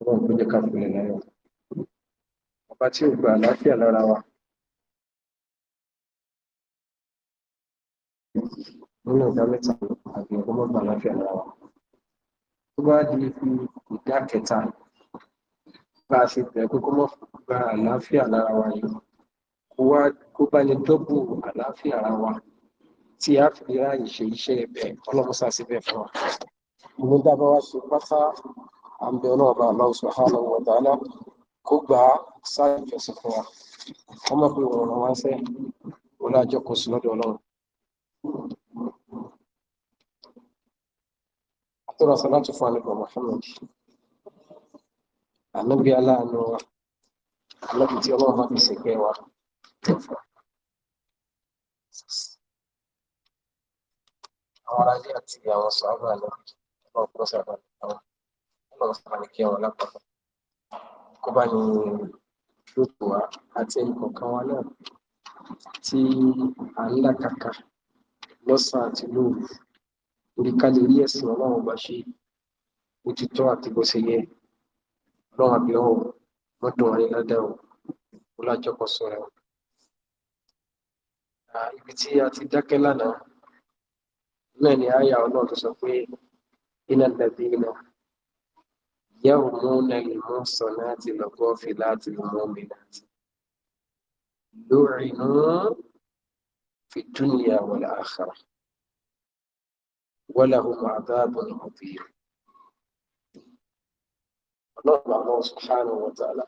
Ọlọ́run kó jẹ́ ká fúnlẹ̀ láyọ̀. Ọba tí ò gba àlàáfíà lára wa. Nínú ìdá mẹ́ta àbí ọkọ̀ mọ́gbà àlàáfíà lára wa. Tó bá di ibi ìdá kẹta bá a ṣe bẹ̀rẹ̀ pé kó mọ́ gba àlàáfíà lára wa yìí. Kó wá kó bá lè dọ́bù àlàáfíà ara wa tí a fi ráàyè ṣe iṣẹ́ ẹ̀bẹ̀ ọlọ́run sá fún wa ní dábàá wá ṣe pátá àbẹ̀ ọlọ́ọ̀bà Allah subhanahu wa ta'ala kó gbà á sáré fẹsẹ̀ fún wa wọ́n mọ̀ pé ìrọ̀rùn wá sẹ́ ọlọ́jọ́ kò sí lọ́dọ̀ ọlọ́run. àtọ́rọ̀ sọ́láàtù fún àlùkò Muhammad ànábì aláàánú wa ànábì tí ọlọ́run bá fi ṣègbè wa àwọn aráyé àti àwọn sọ́ọ́bà náà ọlọ́run kó sọ̀rọ̀ bá mi àwọn ọlọ́run sọ̀rọ̀ mi kí àwọn lápapọ̀ kó bá ní lóòtù wa àti ẹnìkọ̀ọ̀kan wa náà tí à ń làkàkà lọ́sàn-án àti lóòrù orí ká lè rí ẹ̀sìn ọlọ́run bá ṣe òtítọ́ àti bó ṣe yẹ ọlọ́run àbí ọ̀hún mọ́dún wa ní o ó lájọpọ̀ sọ̀rọ̀ o. ibi tí a ti dákẹ́ lánàá náà ni àyà ọlọ́run tó sọ pé إن الذين يرمون المحصنات الغافلات المؤمنات لعنوا في الدنيا والآخرة ولهم عذاب عظيم ọlọ́run àwọn subhanahu wa ta'ala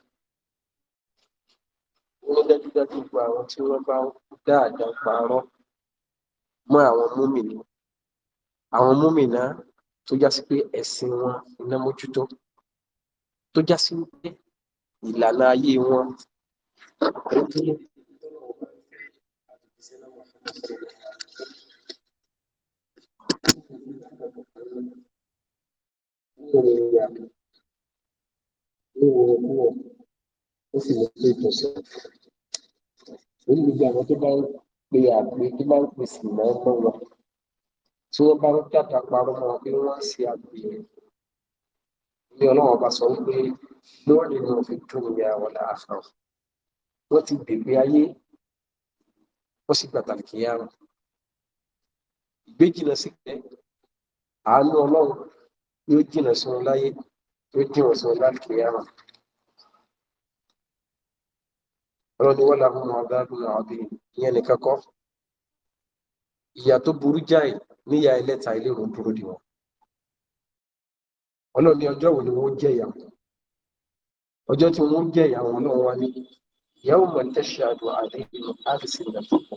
wọ́n dájúdájú gba àwọn tí wọ́n bá dáadáa parọ́ mọ́ àwọn múmìnà àwọn múmìnà tó já sí pé ẹ̀sìn wọn iná mójútó tó já sí pé ìlànà ayé wọn ó sì lè pé ìtọ̀sẹ̀ orí gbogbo àwọn tó bá ń pe àgbẹ̀ tó bá ń pèsè ìmọ̀ ọmọ wọn tí wọ́n bá ń dàdà parọ́ mọ́ bí wọ́n ṣe àgbèrè ní ọlọ́wọ́ bá sọ wípé lórí ni òfin dùn ya wọlé àfọ wọ́n ti gbègbè ayé wọ́n sì gbàtà kìíyàrá ìgbé jìnnà sí pé àánú ọlọ́run yóò jìnnà sí wọn láyé yóò jìnnà sí wọn láti kìíyàrá ọlọ́ni wọ́n làwọn ọmọ ọ̀gá àdúrà ọ̀bí ìyẹn nìkan kọ́ ìyà tó burú jáì níyà ẹlẹ́ta ìlérò ń dúró dè wọ́n ọlọ́run ní ọjọ́ wo ni wọ́n jẹ́ ìyà wọn ọjọ́ tí wọ́n jẹ́ ìyà wọn náà wá ní ìyàwó mọ̀ tẹ́ṣẹ̀ àdùn àdéhùn àdìsí ìlà tó pọ̀.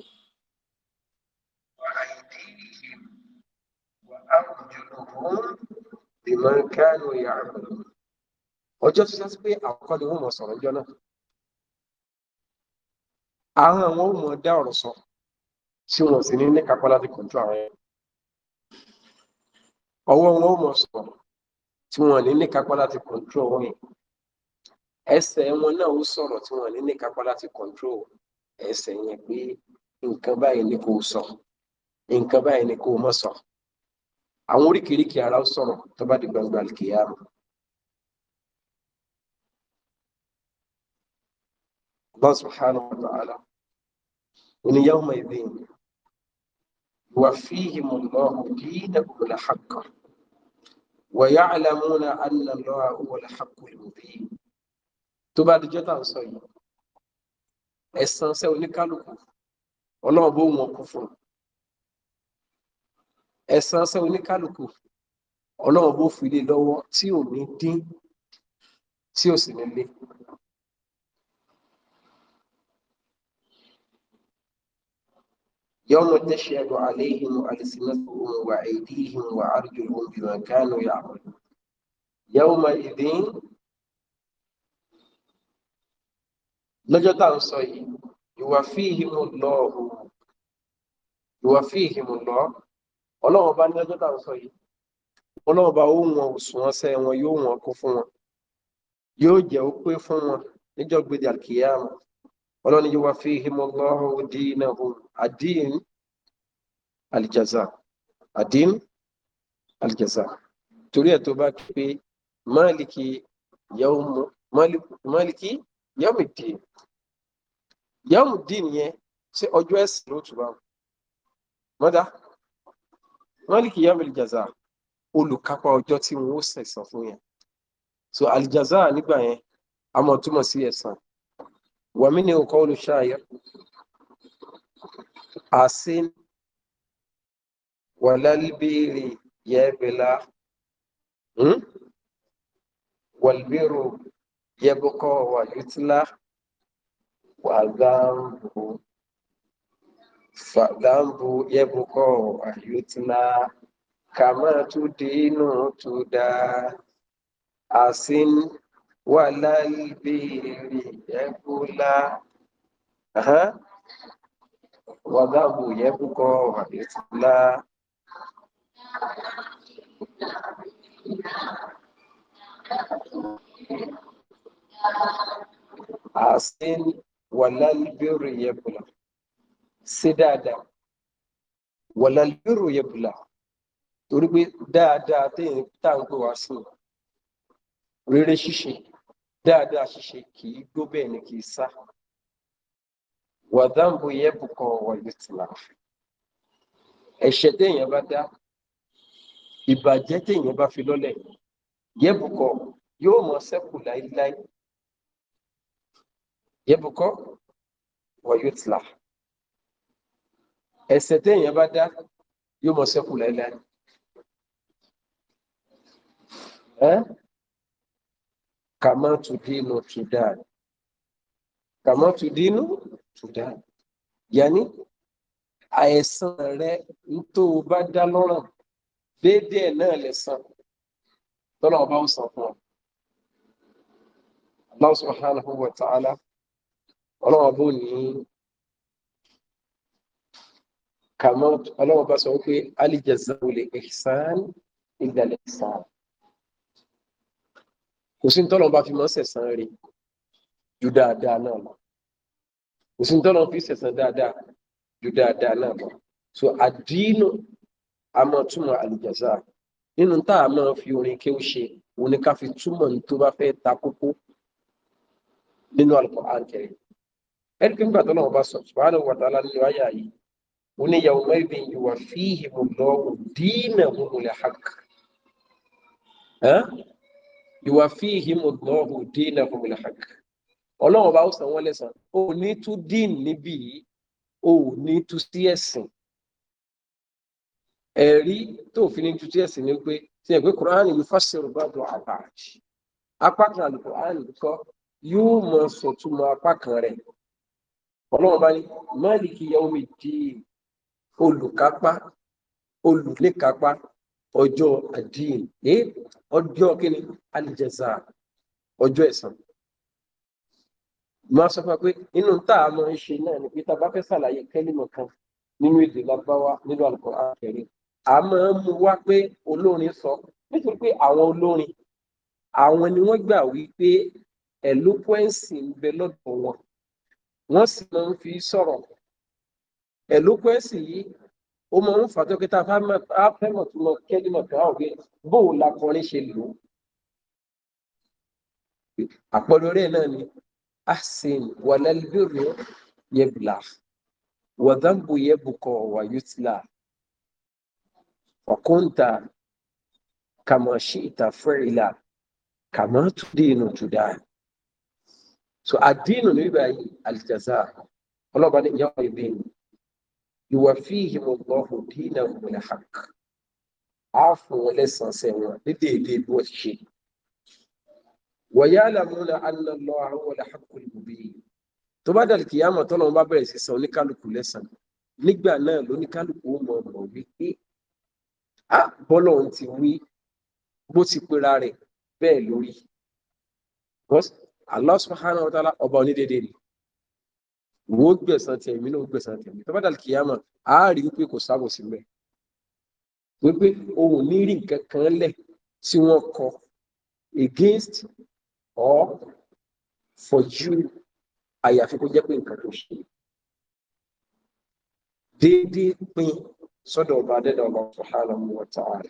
ọjọ́ tó sẹ́sí pé àkọ́kọ́ ni mọ̀ sọ̀rọ̀ ọjọ́ náà àwọn àwọn ò dá ọ̀rọ̀ sọ̀rọ̀ tí wọn sì ní ní kápá láti kọjú àwọn ẹ̀yàn ọwọ́ wọn ò mọ̀ sọ̀rọ̀ tí wọn ní ní kápá láti kọjú ọwọ́ yẹn ẹsẹ̀ wọn náà ó sọ̀rọ̀ tí wọn ní ní kápá láti kọjú ẹsẹ̀ yẹn pé nǹkan báyìí ni kò sọ nǹkan báyìí ni kò mọ̀ sọ àwọn oríkèéríkèé ara ó sọ̀rọ̀ tó bá di gbangba kìíyàrá. Allah subhanahu wa ta'ala. Oni yawma idhin وفيهم الله دينه الحق ويعلمون أن الله هو الحق المبين تبعد جتا سوي ẹ̀san sẹ́ oníkálukú ọlọ́run bó wọn kú fún ẹ̀san sẹ́ oníkálukú ọlọ́run bó fi lé lọ́wọ́ tí ò ní dín tí ò sì ní lé يوم تشهد عليهم ألسنتهم وأيديهم وأرجلهم بما كانوا يعملون يومئذ lọ́jọ́ tá à ń sọ yìí yuwafihimu Allahu yuwafihimu Allah ọlọ́run bá ní lọ́jọ́ tá à ń sọ yìí ọlọ́run bá ó wọn òṣùwọ̀n sẹ́ wọn yóò wọn kó fún wọn yóò jẹ́ ó pé fún wọn níjọ́ gbèdé àkìyàmù ọlọ́ni yóò wá fi himọ́lọ́hùn dínàhùn àdín alìjàzà àdín alìjàzà torí ẹ̀ tó bá kí pé máàlìkì yọ́mù dín yọ́mù dín yẹn sí ọjọ́ ẹ̀sìn ló tùbá mọ́dá máàlìkì yọ́mù alìjàzà olùkápá ọjọ́ tí wọ́n ó fún yẹn so alìjàzà nígbà yẹn a mọ̀ túmọ̀ sí ẹ̀sán ومنه قول الشاعر أسن ولا البير يبلى والبير يبقى ويتلى وذنب فذنب يبقى ويتلى كما تدين تدا أسن ولا البير يبلى ها وذهب يبقى ويصلى أصل ولا البر يبلى سدادا ولا البر يبلى torí pé dáadáa téèyàn tá à ń pè wá sí rere ṣíṣe dáadáa ṣíṣe kì í gbó bẹ́ẹ̀ ni kì í sá wàdàmbò yẹ bùkọ wọlé tìlà ẹ̀ṣẹ̀ téèyàn bá dá ìbàjẹ́ téèyàn bá fi lọ́lẹ̀ yẹ bùkọ yóò mọ ṣẹ́kù láéláé yẹ bùkọ wọlé tìlà ẹ̀ṣẹ̀ téèyàn bá dá yóò mọ ṣẹ́kù láéláé kàmá tùdínú tùdáàni kàmá tùdínú tùdáàni yẹni àìsàn rẹ tó o bá dá lọ́rùn déédéé náà lè san lọ́nà ọba ó san fún ọ. Allah subhanahu wa ta'ala ọlọ́wọ́ bó ní kàmá ọlọ́wọ́ bá sọ wípé al jaza'u li ihsan illa kò sí tọ́lọ́ bá fi mọ́ sẹ̀sán rí ju dáadáa náà lọ kò sí tọ́lọ́ fi sẹ̀sán dáadáa ju dáadáa náà lọ so àdínú àmọ́ túmọ̀ àlùjàzá nínú tá a máa fi orin kéwú ṣe òun ni ká fi túmọ̀ ní tó bá fẹ́ ta kókó nínú Al-Qur'an Karim ẹni pé nígbà tọ́lọ́ bá sọ subhanahu wa ta'ala nínú ayé yìí òun ni yawma idhin yuwaffihimullahu dínahumul haqq ìwà fíhìm Allahu dinahum al-haq ọlọ́run bá ó san wọ́n lẹ́sàn ó ní tú dín níbí yìí ó ní tú sí ẹ̀sìn ẹ̀rí tó ní tú sí ẹ̀sìn ni pé tí ẹ̀ pé kùránì yìí fásitì bàbá àbáàjì apá kan àlùkùránì kọ́ yóò mọ sọ̀túnmọ̀ apá kan rẹ̀ ọlọ́run bá ní máàlì kìyàwó mi di olùkápá olùlékápá ọjọ́ àdín ní eh, ọjọ́ kíni alìjẹsà ọjọ́ ẹ̀san máa sọ fún wa pé inú tá a máa náà ni pé tá a bá fẹ́ ṣàlàyé kẹ́límọ̀ kan nínú èdè lágbáwá nínú Al-Qur'an Karim a máa ń wá pé olórin sọ nítorí pé àwọn olórin àwọn ni wọ́n gbà wípé eloquence ń bẹ lọ́dọ̀ wọn wọ́n sì máa ń fi sọ̀rọ̀ eloquence yìí ó mọ ń fàtọ́ pé tá a fẹ́ mọ̀ tó mọ kẹ́límọ̀ tó àwọn òbí bóò lakọrin ṣe lò ó. àpọ̀lọ rẹ̀ náà ni asin wàlálùbẹ̀rẹ̀ yẹ bìlà wàdánbù yẹ bùkọ̀ wà yútìlà ọ̀kúńtà kàmọ̀ sí ìta fẹ́rìlà kàmọ̀ tó dínú tó dáa. so àdínù níbàyí àlìjàzá ọlọ́ba ní ìyá ọ̀yẹ́ bẹ́ẹ̀ ni. يوفيهم الله دينهم الحق عفوا ولسان سوا بديدي بوشي ويعلمون أن الله هو الحق المبين tó bá dàlù kìyàmọ̀ tọ́lọ́run bá bẹ̀rẹ̀ sí san oníkálukú lẹ́san nígbà náà lóníkálukú ó mọ̀ ọ̀rọ̀ wípé á bọ́lọ́run ti wí bó ti pera rẹ̀ bẹ́ẹ̀ lórí. Allah subhanahu wa ta'ala ọba onídéédéé ni wọ́n gbẹ̀sán tiẹ̀ èmi náà gbẹ̀sán tiẹ̀ tó bá dàlù kìyàmà á rí wípé kò sábò sí mẹ́ wípé òun ní rí nǹkan kan lẹ̀ tí wọ́n kọ against or for you àyàfi kó jẹ́ pé nǹkan tó ṣe déédéé pín sọ́dọ̀ ọba adẹ́dàá ọba subhanahu wa ta'ala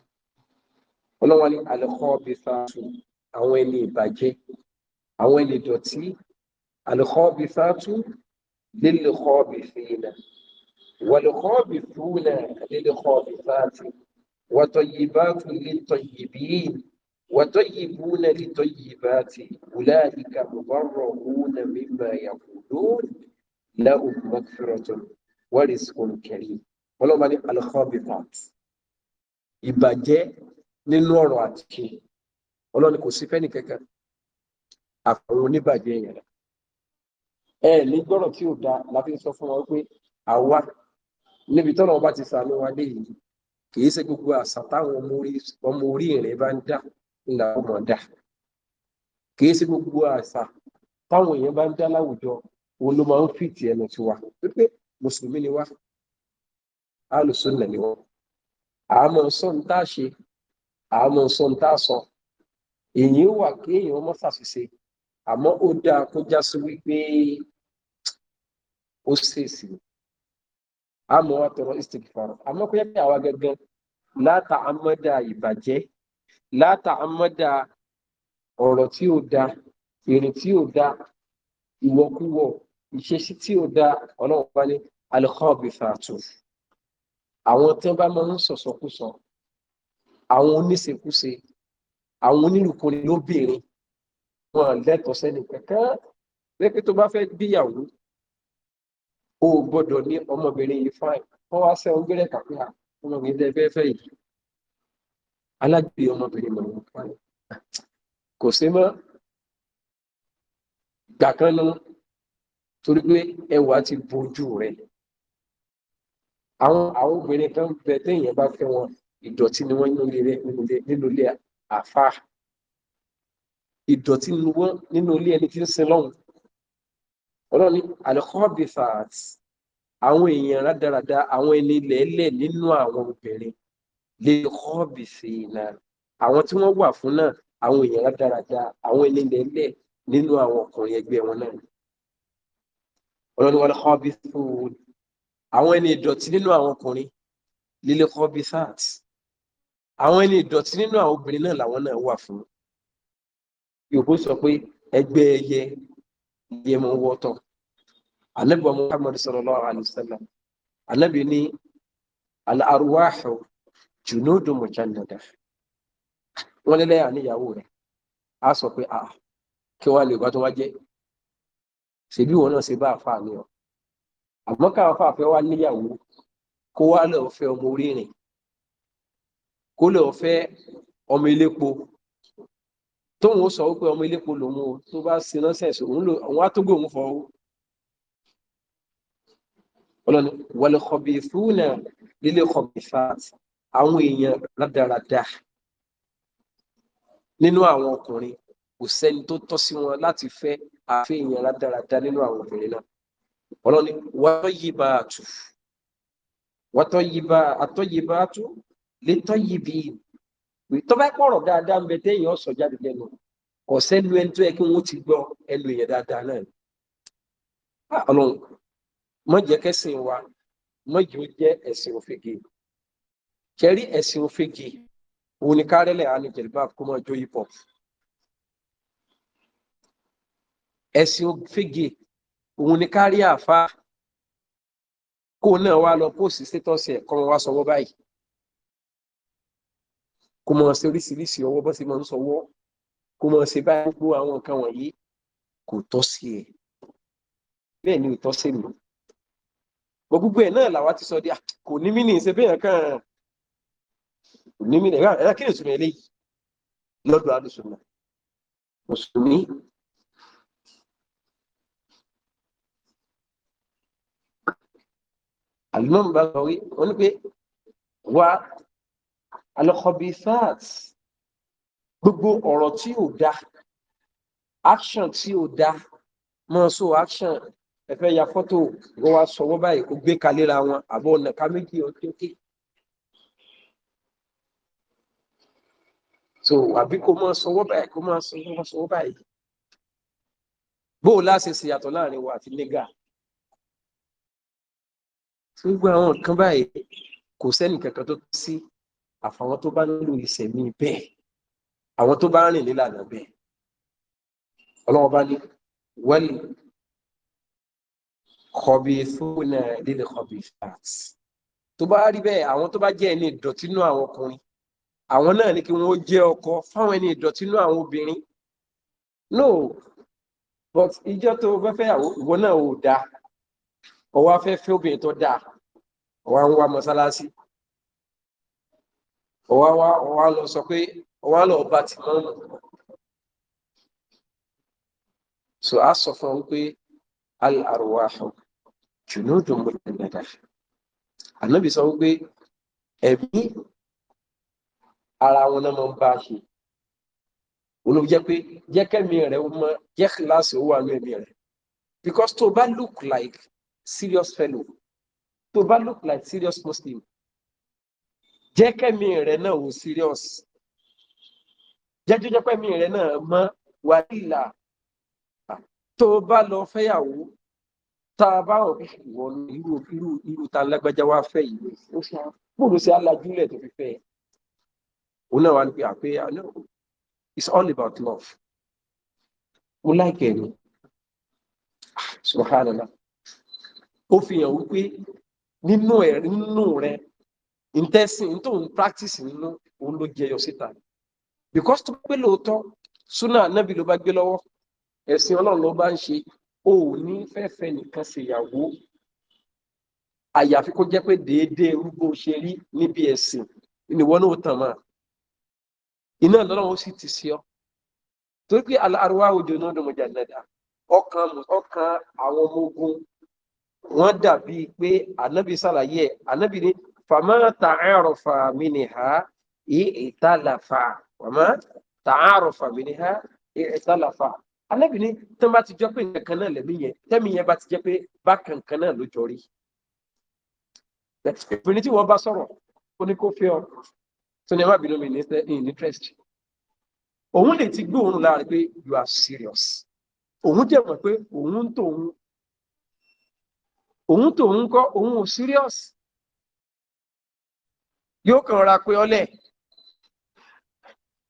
ọlọ́wọ́n ní alẹ́kọ́ bí sáàtù àwọn ẹni ìbàjẹ́ àwọn ẹni ìdọ̀tí alẹ́kọ́ bí sáàtù للخابثين والخابثون للخابثات وطيبات للطيبين وطيبون لطيبات أولئك مبرؤون مما يقولون لهم مغفرة ورزق كريم ولو من الخابثات ìbàjẹ́ nínú ọ̀rọ̀ àti ọlọ́ni kò sí fẹ́ni kankan oníbàjẹ́ yẹn ẹ ní gbọ́rọ̀ tí ò da la fi ń sọ fún wọn pé àwa níbi tọ́nà ọba ti sàánú wa dé yìí kì í ṣe gbogbo àṣà táwọn ọmọ orí ìrìn bá ń dà ńlá ọmọ dà kì í ṣe gbogbo àṣà táwọn èèyàn bá ń dá láwùjọ òun ló máa ń fìtì ẹnu tiwa pé mùsùlùmí ni wá alùsùnà ni wọn àmọ́ sọ ń tá ṣe àmọ́ sọ ń tá sọ èyí wà kí èèyàn mọ àmọ́ ó dáa kó já sí wípé ó ṣèṣì àmọ́ wa tọrọ istikfar àmọ́ kó yẹ kí àwa gẹ́gẹ́ láta amọ́dà ìbàjẹ́ láta amọ́dà ọ̀rọ̀ tí ò da ìrìn tí ò da ìwọ̀kúwọ̀ ìṣesí tí ò da ọlọ́run bá ní alikọ́ọ̀bìfàtò àwọn tí wọ́n bá máa ń sọ̀sọ̀kúsọ àwọn oníṣekúṣe àwọn onírùkúni lóbìnrin wọn lẹ́tọ̀ọ́ sẹ́ni kankan lẹ́pẹ́ tó bá fẹ́ gbéyàwó o gbọ́dọ̀ ní ọmọbìnrin yìí fáìn wọ́n wá sẹ́ ọgbẹ́rẹ́ kàpẹ́ ọmọbìnrin tẹ́ fẹ́ fẹ́ yìí alágbé ọmọbìnrin mọ̀ wọn fáìn kò sí mọ́ gbà kan náà torí pé ẹwà ti bojú rẹ̀ àwọn àwọn obìnrin kan bẹ téèyàn bá fẹ́ wọn ìdọ̀tí ni wọ́n nínú ilé nínú ilé àfáà ìdọ̀tí ni wọ́n nínú ilé ẹni tí ń sin lọ́hùn ọlọ́run ní alkhobifat àwọn èèyàn rádaràda àwọn ẹni lẹ́lẹ̀ nínú àwọn obìnrin lè kọ́bìfì náà àwọn tí wọ́n wà fún náà àwọn èèyàn rádaràda àwọn ẹni lẹ́lẹ̀ nínú àwọn ọkùnrin ẹgbẹ́ wọn náà ọlọ́run wọn kọ́bìfù àwọn ẹni ìdọ̀tí nínú àwọn ọkùnrin lílé kọ́bìfat àwọn ẹni ìdọ̀tí nínú àwọn obìnrin náà làwọn náà wà fún un yorùbá sọ pé ẹgbẹ́ ẹyẹ ẹyẹ mọ wọ́tọ̀ anabi wa muhammad sallallahu alayhi wa sallam anabi ni al-arwahu junudu mujannada wọ́n lẹ́lẹ́yà níyàwó rẹ̀ á sọ pé a kí wọ́n lè bá tó wá jẹ́ ṣèbí wọn náà ṣe bá àfa ni ọ àmọ́ káwọn afa fẹ́ wá níyàwó kó wá lọ́ọ́ fẹ́ ọmọ orí rìn kó lọ́ọ́ fẹ́ ọmọ elépo tóun ó sọ wípé ọmọ ilépo lòun o tó bá sin nọ́sẹ̀sì òun lò òun á tó gbé òun fọ owó ọlọ́ni wàlẹ̀kọ̀bì fúnà lílé kọ̀bì fat àwọn èèyàn rádaràda nínú àwọn ọkùnrin kò sẹ́ni tó tọ́ sí wọn láti fẹ́ àfi èèyàn rádaràda nínú àwọn obìnrin náà ọlọ́ni wàtọ́ yìí bá a tù wàtọ́ yìí bá a tọ́ yìí bá a tù létọ́ yìí bí i tó bá pọ̀rọ̀ dáadáa ń bẹ téèyàn sọ jáde lẹ́nu kò sẹ́nu ẹni tó yẹ kí wọ́n ti gbọ́ ẹnu yẹn dáadáa náà ni. Ah, ọlọ́run mọ̀ jẹ́ kẹ́sìn wa mọ̀ jẹ́ ó jẹ́ ẹ̀sìn òfegè kẹrí ẹ̀sìn òfegè òun ni kárẹ́lẹ̀ àánú jẹ̀lẹ́bà kó máa jó hip hop. ẹ̀sìn òfegè òun ni kárí àáfàá kó náà wá lọ pósì sétọ́sì ẹ̀kọ́ wọn wá sọ wọ́n báyìí kó máa ṣe oríṣiríṣi ọwọ́ bó ṣe máa ń sọwọ́ kó máa ṣe báyìí gbogbo àwọn nǹkan wọ̀nyí kò tọ́ sí ẹ̀ bẹ́ẹ̀ ni ò tọ́ sí mi bọ́ gbogbo ẹ̀ náà làwa ti sọ di ah, kò ní mí ní ìṣe bẹ́ẹ̀ kàn kò ní mí ní ẹ̀rọ kí ni ìṣúná eléyìí lọ́dọ̀ àdùsùnà mùsùlùmí àlùmọ́ọ̀mù bá sọ wí wọ́n ní pé wá alọ́kọ̀bífàt gbogbo ọ̀rọ̀ tí ò da action tí ò da mọ́ so action ẹ̀fẹ́ ya fọ́tò wọ́n wá sọ wọ́n báyìí kó gbé kalẹ̀ ra wọn àbọ̀ ọ̀nà ká méjì ọjọ́ kí. so àbí kó máa sọ wọ́n báyìí kó máa sọ wọ́n sọ wọ́n báyìí. bó o láṣẹ ṣe yàtọ̀ láàrin wa àti nígà. gbogbo àwọn nǹkan báyìí kò sẹ́nì kankan tó sí àfàwọn tó bá lò ìsẹ̀mí bẹ́ẹ̀ àwọn tó bá rìn nílànà bẹ́ẹ̀ ọlọ́wọ́n bá ní wẹ́lì kọbi fúnà lílẹ kọbi fat tó bá rí bẹ́ẹ̀ àwọn tó bá jẹ́ ẹni ìdọ̀tínú àwọn ọkùnrin àwọn náà ni kí wọ́n jẹ́ ọkọ fáwọn ẹni ìdọ̀tínú àwọn obìnrin no but ìjọ tó fẹ́ fẹ́ ìwọ náà ò dáa ọwọ́ afẹ́fẹ́ obìnrin tó dáa ọwọ́ àwọn wa mọ́sálásí ọwá wá ọwá lọ sọ pé ọwá lọ bá ti mọ́ mọ́ so a sọ fún un pé al-arwahu junudun mọ̀lẹ́dà ànábì sọ wípé ẹ̀mí ara wọn náà máa ń bá a ṣe olóbi jẹ́ pé jẹ́kẹ́mi rẹ̀ ó mọ jẹ́ kíláàsì ó wà ní ẹ̀mí rẹ̀ because tó bá look like serious fellow tó bá look like serious muslim jẹ́ kẹ́mi rẹ̀ náà wò serious jẹ́jọ́ jẹ́ pẹ́mi rẹ̀ náà mọ́ wàhálà tó bá lọ fẹ́yàwó tá a bá rò pé ìwọ irú irú irú ta lágbájá wá fẹ́ yìí ó ṣe bóòlù sí alájúlẹ̀ tó fi fẹ́ òun náà wà ní pé àpé ah, ah, no it's all about love mo láìkẹ́ ni ah, subhanallah ó fi hàn wípé nínú ẹ̀ nínú rẹ̀ ntẹ́sìn tó ń practice nínú òun ló jẹyọ síta because to tó pé lóòótọ́ súnà anábì ló bá gbé lọ́wọ́ ẹ̀sìn ọlọ́run ló bá ń ṣe o ò ní fẹ́fẹ́ nìkan ṣèyàwó àyàfi kó jẹ́ pé déédéé rúgbó ṣe rí níbi ẹ̀sìn ìníwọ́ náà tàn máa iná lọ́rùn ó sì ti sí ọ torí pé àrùwá òjò náà ló mọ̀jà dáadáa ọkàn ọkàn àwọn ọmọ ogun wọn dàbí pé ànábì ṣàlàyé ẹ ànábì ní فما تعرف منها ائتلف وما تعرف منها ائtalafa alábìíní tó bá ti jọ pé nǹkan kan náà lẹ́mí yẹn tẹ́mi yẹn bá ti jẹ́ pé bákan kan náà ló jọ rí obìnrin tí wọ́n bá sọ̀rọ̀ ó ní kó fẹ́ ọ tó ní ẹ má bínú mi in interest òun lè ti gbé òun lára pé you are serious òun jẹ́ mọ̀ pé òun tòun òun tòun kọ́ òun ò serious yóò kàn ra pé ọlẹ̀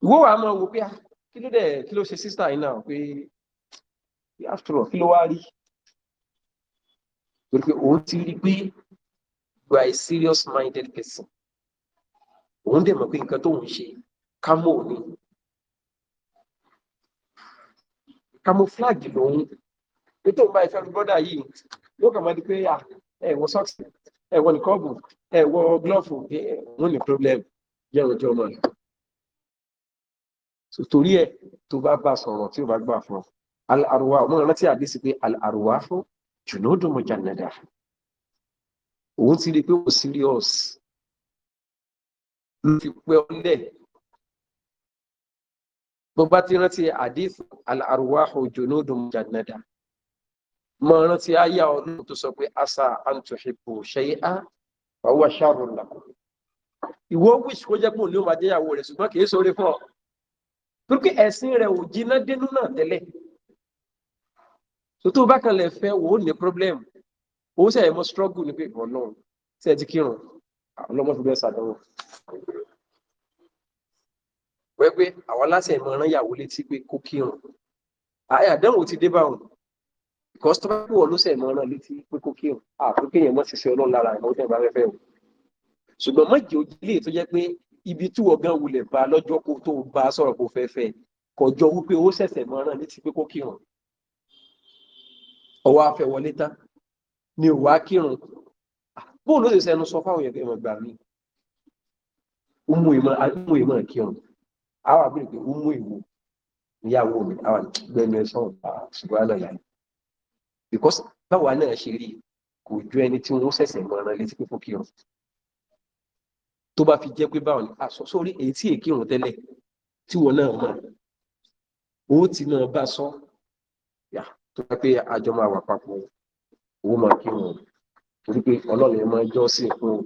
ìwọ wàá mọ̀ wò pé ah, kí ló dé kí ló ṣe sísà yìí náà pé after all kí ló wá rí torí pé òun ti rí pé you are a serious minded person òun dẹ̀ mọ̀ pé nǹkan tóun ṣe kámò ni camouflage lòun pé tóun bá ìfẹ́ brọ́dà yìí yóò kàn máa di pé ah, ẹ̀wọ̀n sọ́ọ̀sì ẹ̀wọ̀n nìkọ́ọ̀bù ẹ wọ glove wọn ní problem jẹ́ ọjọ́ ọmọ rẹ̀ torí ẹ tó bá bá sọ̀rọ̀ tí ó bá gbà fún al-arwah ọmọ rántí àdísí pé al-arwah fún junudun mujannada òun ti rí pé kò serious ló fi pẹ́ ọ́lẹ̀ bó bá ti rántí àdísí al-arwah junudun mujannada mo rántí àyà ọdún tó sọ pé asa antuhibu shay'a fàwọ́ ṣàrò làkùn ìwọ wíṣ kó jẹ́ pé òun ní òun àjẹyàwó rẹ̀ ṣùgbọ́n kì í sọ̀rọ̀ fún ọ ẹ̀sìn rẹ̀ ò jiná dénú náà tẹ́lẹ̀ tó tó bá kan lè fẹ́ wò ó ní problem ó sì ẹ̀mọ́ struggle ní pé ìbọn náà sí ẹ ti kírun ọlọ́mọ fi bẹ́ẹ̀ ṣàdánwò wẹ́pẹ́ àwọn aláṣẹ ìmọ̀ràn yàwó létí pé kó kírun àyàdánwò ti dé báwọn because tó bá wọ lóṣẹ̀ mọ́ náà létí pé kó kéwòn àkókò yẹn mọ́ ṣiṣẹ́ ọlọ́run lára ìmọ̀ tẹ́ bá fẹ́fẹ́ o ṣùgbọ́n mọ́jì òjìlé tó jẹ́ pé ibi tí ọ̀gán wulẹ̀ bá lọ́jọ́ kó tó bá sọ̀rọ̀ kó fẹ́fẹ́ kọjọ wípé ó ṣẹ̀ṣẹ̀ mọ́ náà létí pé kó kéwòn ọwọ́ afẹ́ wọlé tán ni òwá kírun bóun ló ṣe sẹnu sọ fáwọn èèyàn ẹ̀mọ̀ gbà mí umu ìmọ̀ kírun àwọn àbúrò pé umu ìwò ìyàwó mi àwọn gbẹmí ẹ̀sán ṣùgbọ́n àlọ́ yàrá because báwa náà ṣe rí kò ju ẹni tí wọ́n ṣẹ̀ṣẹ̀ mọ ọ̀ràn létí pípọ̀ kírun tó bá fi jẹ́ pé báwọn ní aṣọ ah, sórí èyí tí èké òun tẹ́lẹ̀ tí wọn náà mọ̀ ó ti náà bá sọ yà tó bá pé àjọ máa wà papọ̀ owó máa kírun torí pé ọlọ́run máa jọ́ sí fún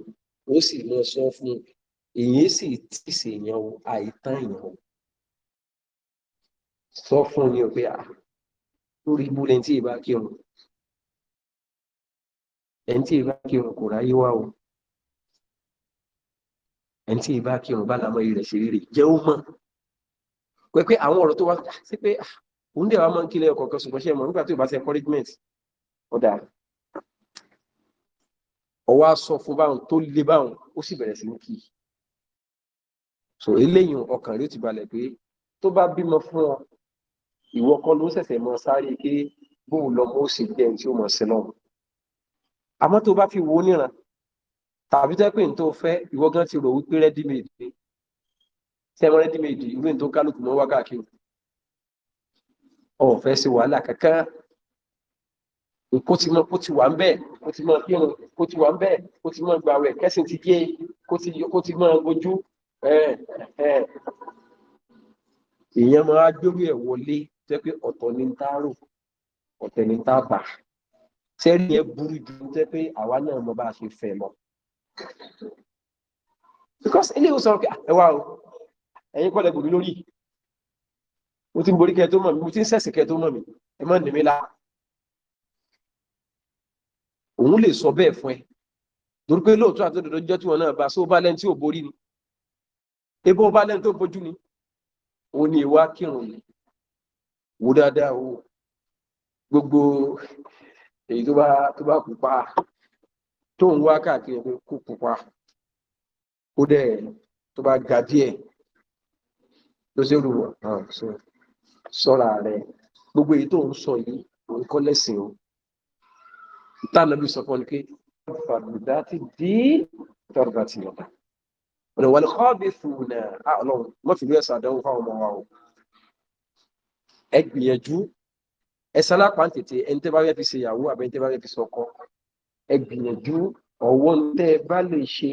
ó sì máa sọ fún èyí sì tí ṣèyàn àìtàn èèyàn sọ fún ni pé ah, lórí ibú lẹ́ni tí ìbá kírun ẹni tí ìbá kírun kò ráyé wá o ẹni tí ìbá kírun bá làmọ́ rẹ̀ ṣe rere jẹ́ ó mọ̀ pẹ́pẹ́ àwọn ọ̀rọ̀ tó wá sí pé ah, òun dẹ̀ wá máa ń kílẹ̀ ọkọ̀ kan ṣùgbọ́n ṣe mọ̀ nígbà tó ìbá ṣe encouragement ọ̀dà ọwọ́ sọ fún báwọn tó le báwọn ó sì bẹ̀rẹ̀ sí ní kí so eléyìí ọkàn rẹ̀ ti balẹ̀ pé tó bá bímọ fún ọ ìwọ kọ́ ló ṣẹ̀ṣẹ̀ mọ sáré pé bóun lọmọ ó sì jẹ́ tí ó mọ̀ sí lọ́wọ́ àmọ́ tó bá fi wo níran tàbí tẹ́ pé n tó fẹ́ ìwọ gan ti rò wípé readymade ni sẹ́wọ́n readymade ìwé n tó kálukú mọ́ wákàkiri ọ̀fẹ́ sí wàhálà kankan kó ti mọ kó ti wà ń bẹ́ẹ̀ kó ti mọ kírun kó ti wà ń bẹ́ẹ̀ kó ti mọ gbàwẹ̀ kẹ́sìn ti yé kó ti kó ti mọ ojú ìyẹn máa gbórí ẹ̀ wọlé jẹ́ pé ọ̀tọ̀ ni ń tá rò ọ̀tẹ̀ ni ń tá gbà sẹ́rí yẹn burú ju ní tẹ́ pé àwa náà mọ bá a ṣe fẹ́ lọ. because eléyìí ó sọ pé ẹ wá o ẹ̀yin kọ́ lẹ́gbẹ̀ẹ́ mi lórí mo ti ń borí kẹ́ tó mọ̀ mi mo ti ń sẹ̀sì kẹ́ tó mọ̀ mi ẹ má nìmí la. òun lè sọ bẹ́ẹ̀ fún ẹ torí pé lóòótọ́ àti òdodo tí wọn náà bá sóò lẹ́ni tí ò borí ni ebó bá lẹ́ni tó bójú ni òun ni ìwà kírun ni wo dáadáa o gbogbo èyí tó bá tó bá pupa tó ń wá káàkiri pé kó pupa ó dẹ̀ tó bá ga díẹ̀ ló ṣe rúwọ̀ ah, sọ́ra rẹ̀ gbogbo èyí tó ń sọ yìí òun kọ́ lẹ́sìn o ìtànà bí sọ fún ọ pé fàdúdà ti di tọ́rọ̀dà ti lọ́ta ọ̀nà wàlúkọ́ bí fún un náà ah, ọlọ́run mọ́fìlú ẹ̀sà àdánwò fáwọn ọmọ wa o ẹ gbìyànjú ẹ sálápá tètè ẹni tẹ́ bá fẹ́ fi ṣe ìyàwó àbẹ́ ẹni tẹ́ bá fẹ́ fi ṣọkọ ẹ gbìyànjú ọ̀wọ́n tẹ́ ẹ bá lè ṣe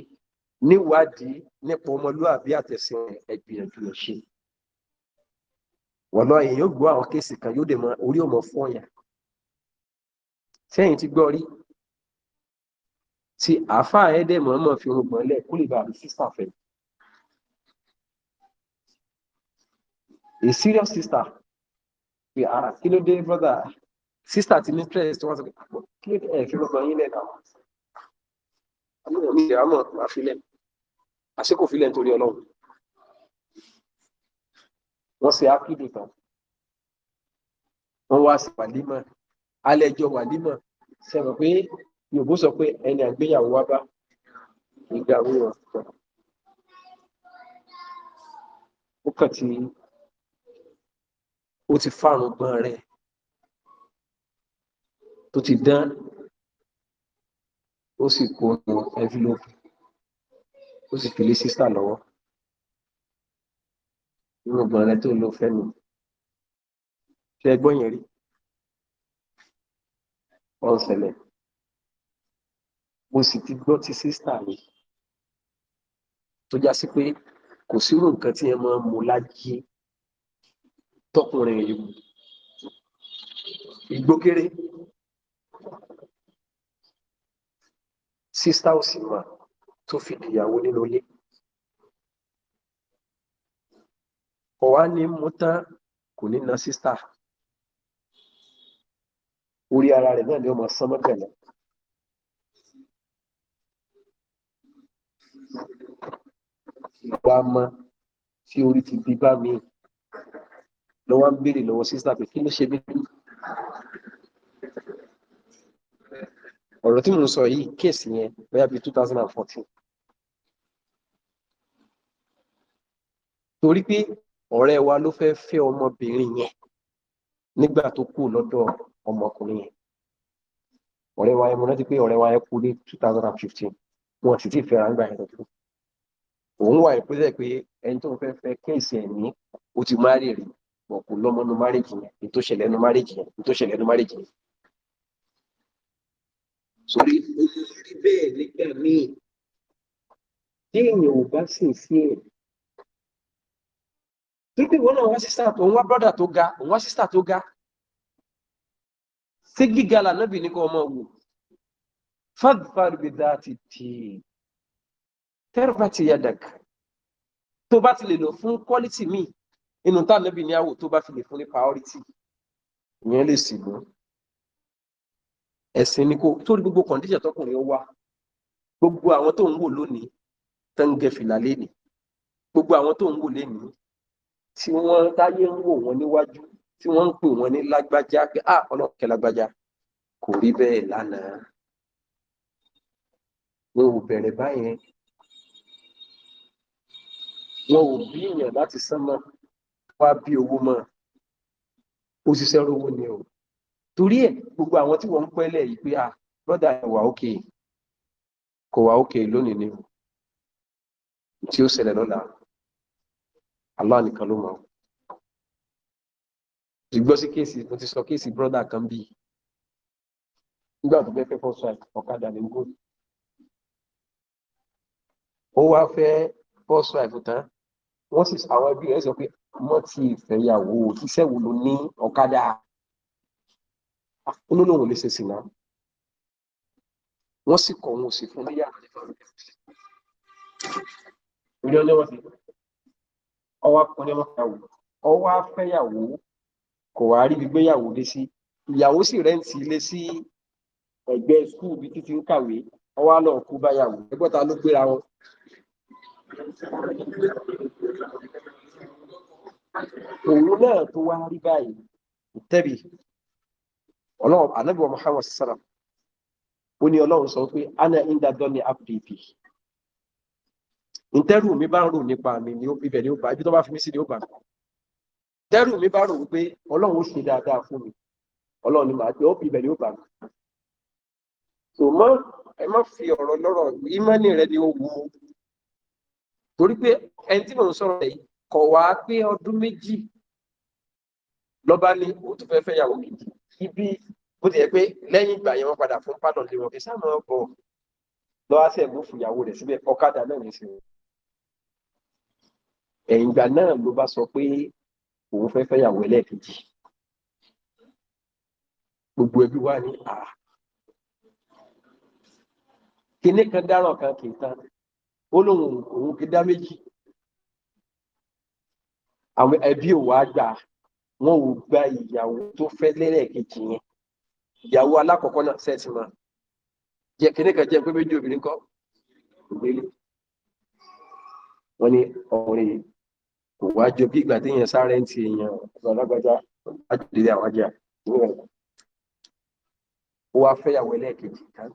níwádìí nípa ọmọlúwàbí àtẹ̀sìn ẹ gbìyànjú ẹ ṣe wọ̀nà èèyàn yóò gbọ́ àwọn kéèsì kan yóò dè mọ orí òmò fọyà sẹ́yìn ti gbọ́ rí tí àáfàá ẹ̀ dẹ̀ mọ̀ mọ̀ fi rògbọ̀n kó lè bá sísà fẹ́ a serious sister pé ah kí ló dé brother sista ti ní stress tí wọ́n sọ pé ah, kí ló dé ẹ̀ kí ló gbọ́ yín lẹ́ẹ̀kan àmọ́ mi ìyá mọ̀ àfilẹ̀ àṣé kò filẹ̀ nítorí ọlọ́run wọ́n ṣe ákídù tán wọ́n wá sí wàlímọ̀ alẹ́jọ́ wàlímọ̀ sẹ́wọ̀n pé yòòbó sọ pé ẹni àgbéyàwó wá bá ìgbà wo wọn ó kàn ti ó ti fárun gbọ́n rẹ̀ tó ti dán ó sì kó ọ̀nà ẹ́fílópù ó sì fi lé sísà lọ́wọ́ irú gbọ́n rẹ̀ tó lò fẹ́nu ṣe gbọ́n yẹn rí wọ́n ṣẹlẹ̀ mo sì ti gbọ́ ti sísà mi tó já sí pé kò sírò nǹkan tí ẹ máa ń mu láyé tọkùnrin yìí ìgbókéré sísá ò sì mà tó fi dìyàwó nínú ilé ọ̀wá ni mú tán kò ní na sísá orí ara rẹ̀ náà ni ó máa sán mọ́kànlá ìwà mọ́ tí orí ti bí bá mi ló wá ń béèrè lọ́wọ́ sísá pé kí ló ṣe mí. ọ̀rọ̀ tí mo sọ yìí kéèsì yẹn bóyá bíi two thousand and fourteen. torí pé ọ̀rẹ́ wa ló fẹ́ fẹ́ ọmọbìnrin yẹn nígbà tó kù lọ́dọ̀ ọmọkùnrin yẹn ọ̀rẹ́ wa yẹn mo rántí pé ọ̀rẹ́ wa yẹn kú ní two thousand and fifteen wọn sì ti fẹ́ra nígbà yẹn lọ́dún òun wà ìpínlẹ̀ pé ẹni tó ń fẹ́ fẹ́ kéèsì ẹ̀ ó ti máa rí rí bọ̀ kò lọ́mọ nu márèjì yẹn ní tó ṣẹlẹ̀ nu márèjì yẹn ní tó ṣẹlẹ̀ nu márèjì yẹn. sórí olórí bẹ́ẹ̀ nígbà míì tí èèyàn ò bá sìn sí ẹ̀ títí wọn náà wọn sísá tó wọn brọdà tó ga wọn sísá tó ga sí gíga lànàbì ní kò ọmọ wò fadfar bi dati ti tẹrifati yadak tó bá ti lè lọ fún quality míì inú tá níbi ní àwò tó bá fi lè fún ní priority ìyẹn lè sì mú ẹ̀sìn ni kò torí gbogbo condition tọkùnrin ó wá gbogbo àwọn tó ń wò lónìí tó ń gẹ fìlà lénìí gbogbo àwọn tó ń wò lénìí tí wọ́n táyé ń wò wọ́n níwájú tí wọ́n ń pè wọ́n ní lágbájá pé ah ọlọ́kẹ́ lágbájá kò rí bẹ́ẹ̀ lánàá wọn ò bẹ̀rẹ̀ báyẹn wọn ò bí èèyàn láti sánmọ́ wá bí owó mọ́ òṣìṣẹ́ rówó ni o torí ẹ̀ gbogbo àwọn tí wọ́n ń pẹ́lẹ̀ yìí pé ah brother ẹ̀ wà ókè kò wà ókè lónìí ni o tí ó ṣẹlẹ̀ lọ́la Allah nìkan ló mọ̀ ṣùgbọ́n sí kéèsì mo ti sọ kéèsì brother kan bíi nígbà tó fẹ́ fẹ́ fọ́ strike ọ̀kadà ní góòlù ó wá fẹ́ fọ́ strike tán wọ́n sì àwọn ẹbí rẹ̀ sọ pé mọ ti ìfẹyàwó òṣìṣẹ́ wo ló ní ọ̀kadà olólùwò lè ṣe sìnà wọ́n sì kọ̀ wọn ò sì fún níyà orí ọlẹ́wọ̀n ti ọwọ́ akọni ọmọ fẹ́yàwó ọwọ́ afẹ́yàwó kò wá rí gbígbéyàwó dé sí ìyàwó sì rẹ́ǹtì ilé sí ẹgbẹ́ skul bí títí ń kàwé ọwọ́ àlọ́ kú báyàwó ẹgbọ́ta ló gbéra wọn òun náà tó wá rí báyìí tẹ́bi ọlọ́run ànábì wa Muhammad sallam ó ní ọlọ́run sọ pé ana inda dọ́ni abdìbì ntẹ́rù mi bá ń rò nípa mi ni ibẹ̀ ni ó bá ibi tó bá fi mí sí ni ó bá ntẹ́rù mi bá rò wípé ọlọ́run ó ṣe dáadáa fún mi ọlọ́run ni màá jẹ́ ó ibẹ̀ ni ó bá mi ẹ má fi ọ̀rọ̀ lọ́rọ̀ ìmánì rẹ ni ó wù ú torí pé ẹni tí mò ń sọ̀rọ̀ yìí kọ̀ wá pé ọdún méjì lọ́ba ní o tún fẹ́ẹ́ fẹ́yàwó kejì ibi bó ti yẹ pé lẹ́yìn ìgbà yẹn wọ́n padà fún pádàn lé wọn ìsáàmù ọ̀bọ̀ lọ́wọ́ sẹ́gun fìyàwó rẹ̀ síbẹ̀ ọ̀kadà náà ní sinmi. ẹ̀yìn ìgbà náà ló bá sọ pé òun fẹ́ fẹ́yàwó ẹlẹ́ẹ̀kejì gbogbo ẹbí wa ní à kinní kan dáràn kan kì í tán ó lóun òun kì í dá méjì àwọn ẹbí ò wá gbà wọn ò gba ìyàwó tó fẹ́ lẹ́lẹ́kejì yẹn ìyàwó alákọ̀ọ́kọ́ náà sẹ́ẹ̀tì mọ́ jẹ́ kíní kan jẹ́ pé méjì obìnrin kọ́ ìgbélé wọ́n ní ọ̀rẹ́ kò wá jọ bí ìgbà téèyàn sáré ń ti èèyàn ọ̀gá alágbájá ajílẹ̀ àwọn ajá ó wá fẹ́yàwó ẹlẹ́ẹ̀kejì kan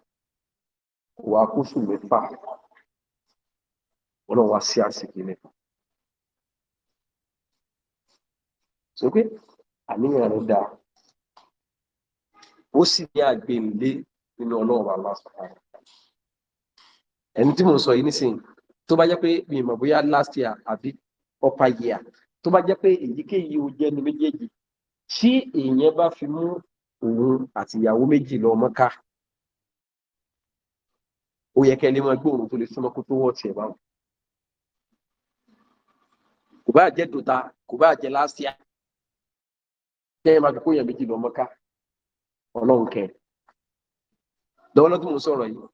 kò wá kóṣù mẹ́fà wọ́n náà wá sí àsìkò mẹ́fà. sọ pé àníyàn rẹ̀ dáa ó sì ní àgbéǹde nínú ọlọ́run bàbá sọ̀rọ̀ ẹni tí mò ń sọ yìí nísìnyí tó bá jẹ́ pé mi mọ̀ bóyá last year àbí upper year tó bá jẹ́ pé èyíkéyìí ó jẹ́ ní méjèèjì tí èèyàn bá fi mú òun àti ìyàwó méjì lọ mọ́ká ó yẹ kẹ́ ẹ lè mọ ẹgbẹ́ òun tó lè súnmọ́ kó tó wọ́ tiẹ̀ báwọn kò bá jẹ́ dòta kò bá jẹ́ last year tẹ́yìn máa fi kó yẹn méjì lọ mọ́ká ọlọ́run kẹ́ lọ́wọ́lọ́ tí mo sọ̀rọ̀ yìí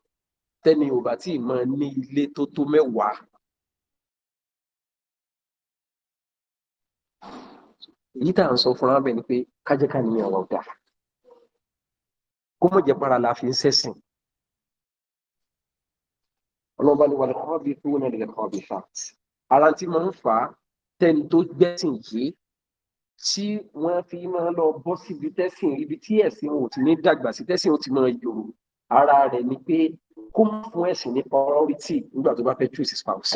tẹ́ni ò bá tí ì máa ní ilé tó tó mẹ́wàá èyí tá à ń sọ fúnra bẹ́ẹ̀ ni pé kájẹ́ká nìyẹn wà ọ̀dà kó mọ̀ jẹ́ para la fi ń sẹ́sìn ọlọ́ba ni wàlẹ̀ kọ́ bí kúrò náà lè kọ́ bí fat ara tí mo ń fà á tẹ́ni tó gbẹ́sìn yìí tí wọ́n fi máa lọ bọ́ síbi tẹ́sìn ibi tí ẹ̀sìn ò ti ní dàgbà sí tẹ́sìn ò ti máa yòrò ara rẹ̀ ni pé kó má fún ẹ̀sìn ní priority nígbà tó bá fẹ́ choose spouse.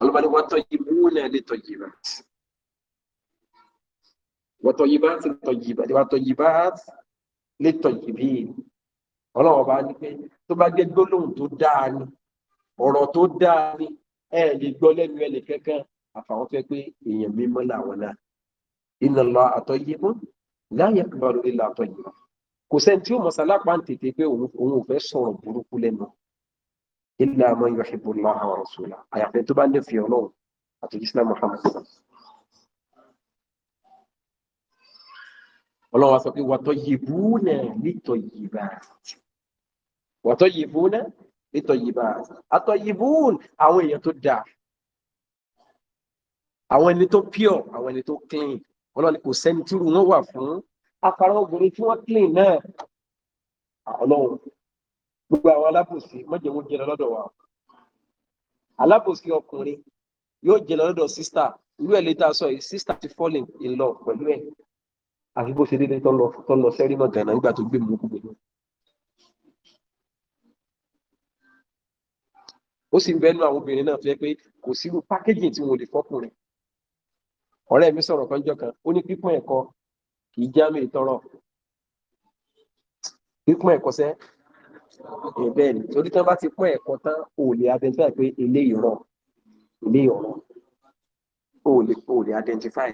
olùbàdàn wọ́n tọ́ yìí mú náà lè tọ́ yìí bàt. wọ́n tọ́ yìí bàt lè tọ́ yìí bàt wọ́n tọ́ yìí bàt lè tọ́ yìí bí. ọlọ́wọ́ bá ní pé tó bá gbé gbólóhùn tó dáa ni ọ̀rọ̀ tó dáa ni ẹ lè gbọ́ lẹ́nu ẹnì kankan àfàwọn fẹ́ pé èèyàn mímọ́ làwọn náà inna Allah tayyibun la yaqbalu illa tayyiba kò sẹ́ni tí ó mọ̀ sálápá ń tètè pé òun ò fẹ́ sọ̀rọ̀ burúkú lẹ́nu illa man yuhibbu Allah wa rasulahu àyàfẹ́ tó bá nífẹ̀ẹ́ ọlọ́run àtòjú sílẹ̀ Muhammad ọlọ́run sọ pé wàtọ́ yìbú náà nítọ̀ yìbá wàtọ́ yìbú náà nítọ̀ yìbá àtọ̀ yìbú àwọn èèyàn tó dáa àwọn ẹni tó pure àwọn ẹni tó clean ọlọ́ni kò sẹ́ni tí irú wọn wà fún afárá obìnrin tí wọ́n clean náà ọlọ́run gbogbo àwọn alábòsí mọ́jẹ̀ wọn jẹ́ lọ́dọ̀ wa alábòsí ọkùnrin yóò jẹ́ lọ́dọ̀ sísítà irú ẹ̀ létà sọ yìí sísítà ti falling in love pẹ̀lú ẹ̀ àfi bó ṣe dédé tó ń lọ sẹ́rí náà gànà nígbà tó gbé mú gbogbo ó sì ń bẹnu àwọn obìnrin náà tó yẹ pé kò sírú pákéjì tí wọn lè fọkùnrin ọ̀rẹ́ mi sọ̀rọ̀ kan jọ kan ó ní pípọ́n ẹ̀kọ́ kì í já mi ìtọ́rọ̀ pípọ́n ẹ̀kọ́ sẹ́ bẹ́ẹ̀ ni torí tí wọ́n bá ti pọ́n ẹ̀kọ́ tán ò lè identify pé eléyìí rọ̀ eléyìí ọ̀rọ̀ ò lè ò lè identify.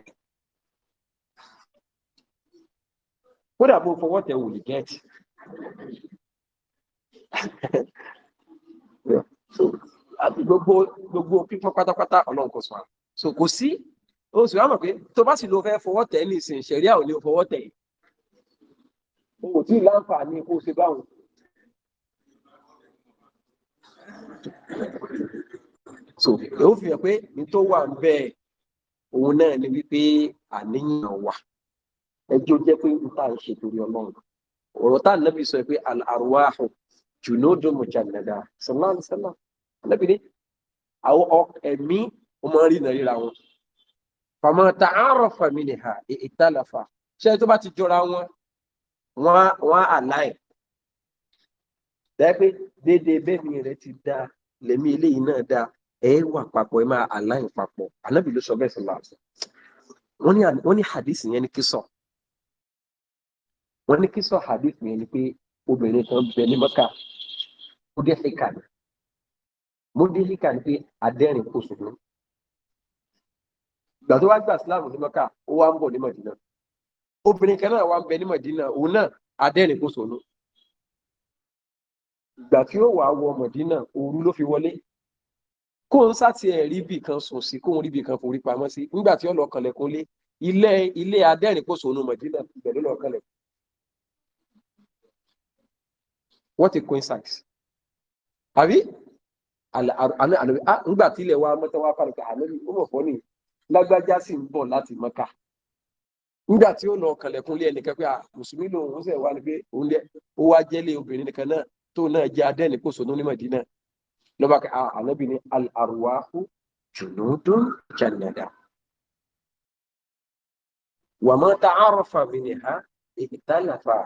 kódà bó fọwọ́ tẹ ò lè get. so gbogbo gbogbo pípọ́n pátápátá ọlọ́run kò sọ àwọn so kò sí o sì rámọ̀ pé tó bá sì lo fẹ́ fọwọ́ tẹ̀ ní ìsìn ìṣẹ̀ríà ò lè fọwọ́ tẹ̀ o kò tí láǹfààní kó o ṣe báwọn. so èyí fi hàn pé ní tó wà ń bẹ́ẹ̀ òun náà ni wípé àníyàn wà ẹjọ́ jẹ́ pé n ta ń ṣe torí ọlọ́run ọ̀rọ̀ tá nàbì sọ pé al-arwahu junudun mujannada sallallahu alaihi ní àwọn ẹ̀mí ọmọ rí nàríra wọn fàmọ́ ta àárọ̀fà mi lè ha ìtàlàfà ṣé tó bá ti jọra wọn wọn àláì dẹ́gbẹ́ déédéé bẹ́ẹ̀ mi rẹ ti dáa lèmi eléyìí náà dáa ẹ wà papọ̀ ẹ máa àláì papọ̀ ànábì ló sọ bẹ́ẹ̀ sọ láàbù wọ́n ní hadith yẹn ni kí sọ wọ́n ní kí sọ hadith yẹn ni pé obìnrin kan bẹ ní mọ́kà mọ́dẹ́fíkà ni mọ́dẹ́fíkà ni pé adẹ́rìn kò sùn ní ìgbà tó wá gba islam ní mọ́kà ó wá ń bọ̀ ní mọ̀dínà obìnrin kan náà wá ń bẹ ní mọ̀dínà òun náà adẹ́rìn kò sọ̀nù ìgbà tí ó wà wọ mọ̀dínà òru ló fi wọlé kó ń sàti ẹ̀ rí bì kan sùn sí kó ń rí bì kan forí pamọ́ sí nígbà tí ó lọ kanlẹ̀kùn lé ilé ilé adẹ́rìn kò sọ̀nù mọ̀dínà ibẹ̀ ló lọ kanlẹ̀kùn. what a coincidence àbí àlọ́ àlọ́ àlọ́ nígbà tí ilẹ̀ wa mọ́tọ́ wa fàlùkà àlọ́ ni ó lágbájá sì ń bọ̀ láti mọ́ka nígbà tí ó lọ kànlẹ̀kùn lé ẹnìkan pé mùsùlùmí lòun ó sì wá ní pé òun lẹ ó wá jẹ́lé obìnrin nìkan náà tó náà jẹ́ adẹ́ni kò sọ ní Mẹdínà lọ́ba ànábì ní al-arwahu junudun jannada wa ma ta'arafa minha ikhtalafa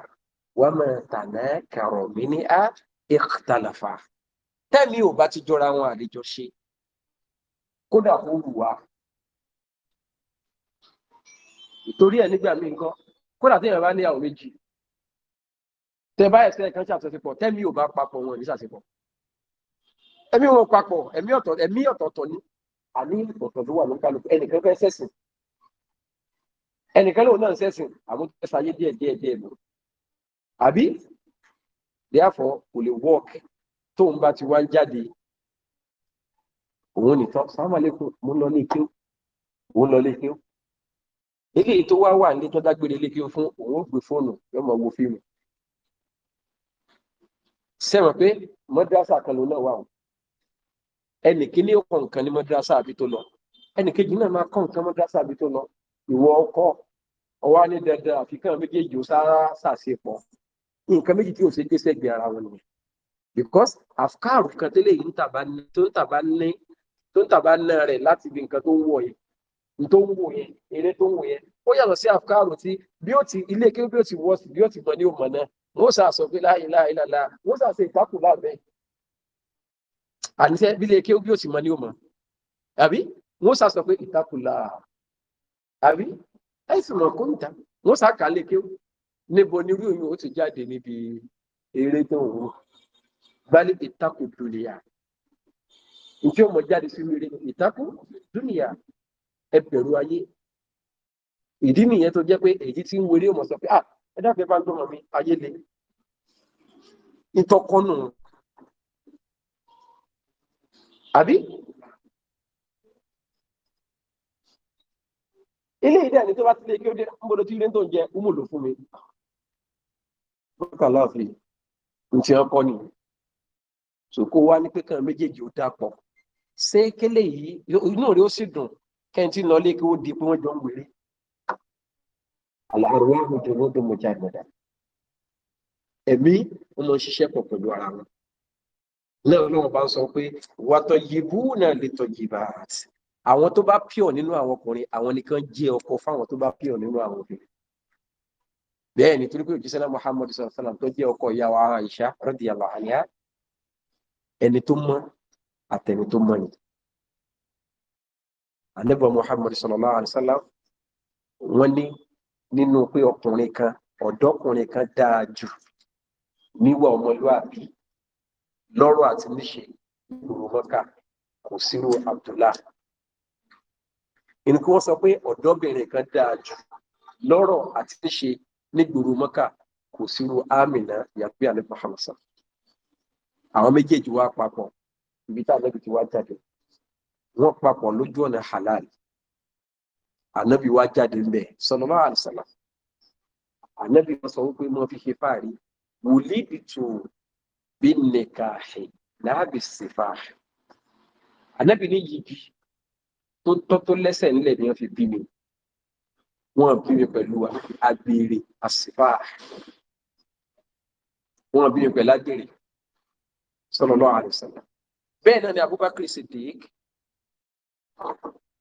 wa ma tanakara minha ikhtalafa tẹ́mi ò bá ti jọra wọn àlejò ṣe kódà kó wù wá torí ẹ̀ nígbà míì nǹkan kódà tí èèyàn bá níyàwó méjì tẹ bá ẹsẹ kan ṣàṣepọ̀ tẹmí ò bá papọ̀ wọn ní ṣàṣepọ̀ ẹ̀mí wọn papọ̀ ẹ̀mí ọ̀tọ̀ ẹ̀mí ọ̀tọ̀ọ̀tọ̀ ni àní ọ̀tọ̀ tó wà lókàlùkù ẹnìkan fẹ́ ṣẹ̀sìn ẹnìkan lòun náà ń ṣẹ̀sìn àmọ́ tó ṣayé díẹ̀ díẹ̀ díẹ̀ lọ àbí therefore kò lè work tóun bá ti wá ń jáde òun nìkan sàmàlẹkùn mo ń lọ ní kí òun lọ ní kí eléyìí tó wá wà ní tó dágbére lé kí o fún òun ó gbé fóònù yóò mọ wo fíìmù sẹ́wọ̀n pé mọ́dírásà kan ló náà wà o ẹnì kíní ó kọ nǹkan ní mọ́dírásà àbí tó lọ ẹnì kejì náà máa kọ nǹkan mọ́dírásà àbí tó lọ ìwọ ọkọ ọwọ́ á ní dandan àfikàn méjèèjì ó sára ṣàṣepọ̀ nǹkan méjì tí ò ṣe dé sẹ́gbẹ̀ẹ́ ara wọn nìyẹn because afkaru kan tẹ́lẹ̀ yìí tó ń tàbá ní tó ń tàbá ní rẹ̀ láti ibi nǹkan tó ń wọ̀ yìí tó ń wò yẹn eré tó ń wò yẹn ó yàtọ̀ sí àfikàrò tí bí ó ti ilé kí bí ó ti wọ́ sí bí ó ti mọ̀ ní òmọ̀ náà wọ́n sà sọ pé láàyè láàyè lálá wọ́n sà ṣe ìtakùn láàbẹ̀ àníṣe bí ilé kí bí ó ti mọ̀ ní òmọ̀ àbí wọ́n sà sọ pé ìtakùn là àbí ẹ̀sìn mọ̀ kó níta wọ́n sà kà lékè níbo ni irú yìí ó ti jáde níbi eré tó ń wò balẹ̀ ìtakùn dùnìyà ìjọ́ mọ̀ jáde sí ìtakùn dùnìyà ẹ bẹ̀rù ayé ìdí nìyẹn tó jẹ́ pé èyí tí ń wọlé ọmọ sọ pé ah ẹ dábẹ́ bá gbọ́mọ mi ayé le ìtọkọ́nù àbí ilé ìdí ẹni tó bá ti lè kí ó dé ń bọ́dọ̀ tí ilé tó ń jẹ umu lò fún mi bọ́kà láàfin ntí ọkọ ni so kó wá ní pé méjèèjì ó dà pọ̀ kélé yìí inú rẹ̀ ó sì dùn kẹ́ntì lọ lé kí wọ́n di pé wọ́n jọ ń wèrè. àlàrò wọn kò tó wọn tó mọjà ìmọ̀dà ẹ̀mí wọn lọ ṣiṣẹ́ pọ̀ pẹ̀lú ara wọn. náà lọ́wọ́ bá ń sọ pé wàtọ̀ yìbú náà lè tọ̀ yìbá àti àwọn tó bá pure nínú àwọn ọkùnrin àwọn nìkan jẹ́ ọkọ fáwọn tó bá pure nínú àwọn obìnrin. bẹ́ẹ̀ ni torí pé òjíṣẹ́ náà Muhammad sallallahu alaihi wasallam tó jẹ́ ọkọ ìyá wa Aisha radiyallahu anha ẹni tó mọ́ àtẹni tó mọ́ nìyí ànábì muhammad sallallahu alayhi wa sallam wọ́n ní nínú pé ọkùnrin kan ọ̀dọ́kùnrin kan dáa jù níwà ọmọlúwàbí lọ́rọ̀ àti níṣe ìgboro mọ́kà kò sírò abdullah ìnìkú wọ́n sọ pé ọ̀dọ́bìnrin kan dáa jù lọ́rọ̀ àti níṣe nígboro mọ́kà kò sírò amina yàgbé àlẹ́ muhammad sallam àwọn méjèèjì wá papọ̀ ibi tá a lẹ́bi ti wá jáde wọ́n papọ̀ lójú ọ̀nà halal ànábì wá jáde ń bẹ̀ sọlọ́lá àlùsàlà ànábì wọ́n sọ wípé wọ́n fi ṣe fáàrí wòlíì bìtù bí nìkàáhì láàbì sífà ànábì ní yìí tó tọ́ tó lẹ́sẹ̀ nílẹ̀ ni wọ́n fi bí mi wọ́n bí mi pẹ̀lú agbèrè àsìfà wọ́n bí mi pẹ̀lú agbèrè sọlọ́lá àlùsàlà bẹ́ẹ̀ náà ni Abubakar Siddiq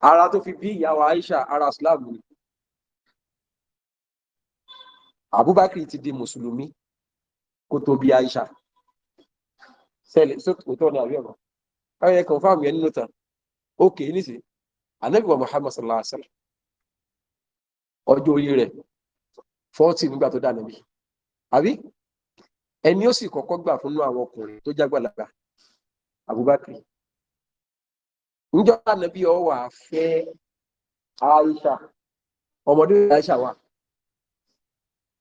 ara tó fi bí ìyàwó Aisha ara Islam ni Abubakar ti di mùsùlùmí kó tó bí Aisha sẹ́lẹ̀ sótò ní àbí ẹ̀rọ ẹ̀rọ kan fáwọn yẹn nínú tán ókè nísì Ànábì wa Muhammad sallallahu alaihi wa sallam ọjọ́ orí rẹ̀ fọ́ọ̀tì nígbà tó dá Ànábì àbí ẹni ó sì kọ́kọ́ gbà fún àwọn ọkùnrin tó jágbàlagbà Abubakar níjọ́ ànábì ọ wà fẹ́ Aisha ọmọdé Aisha wa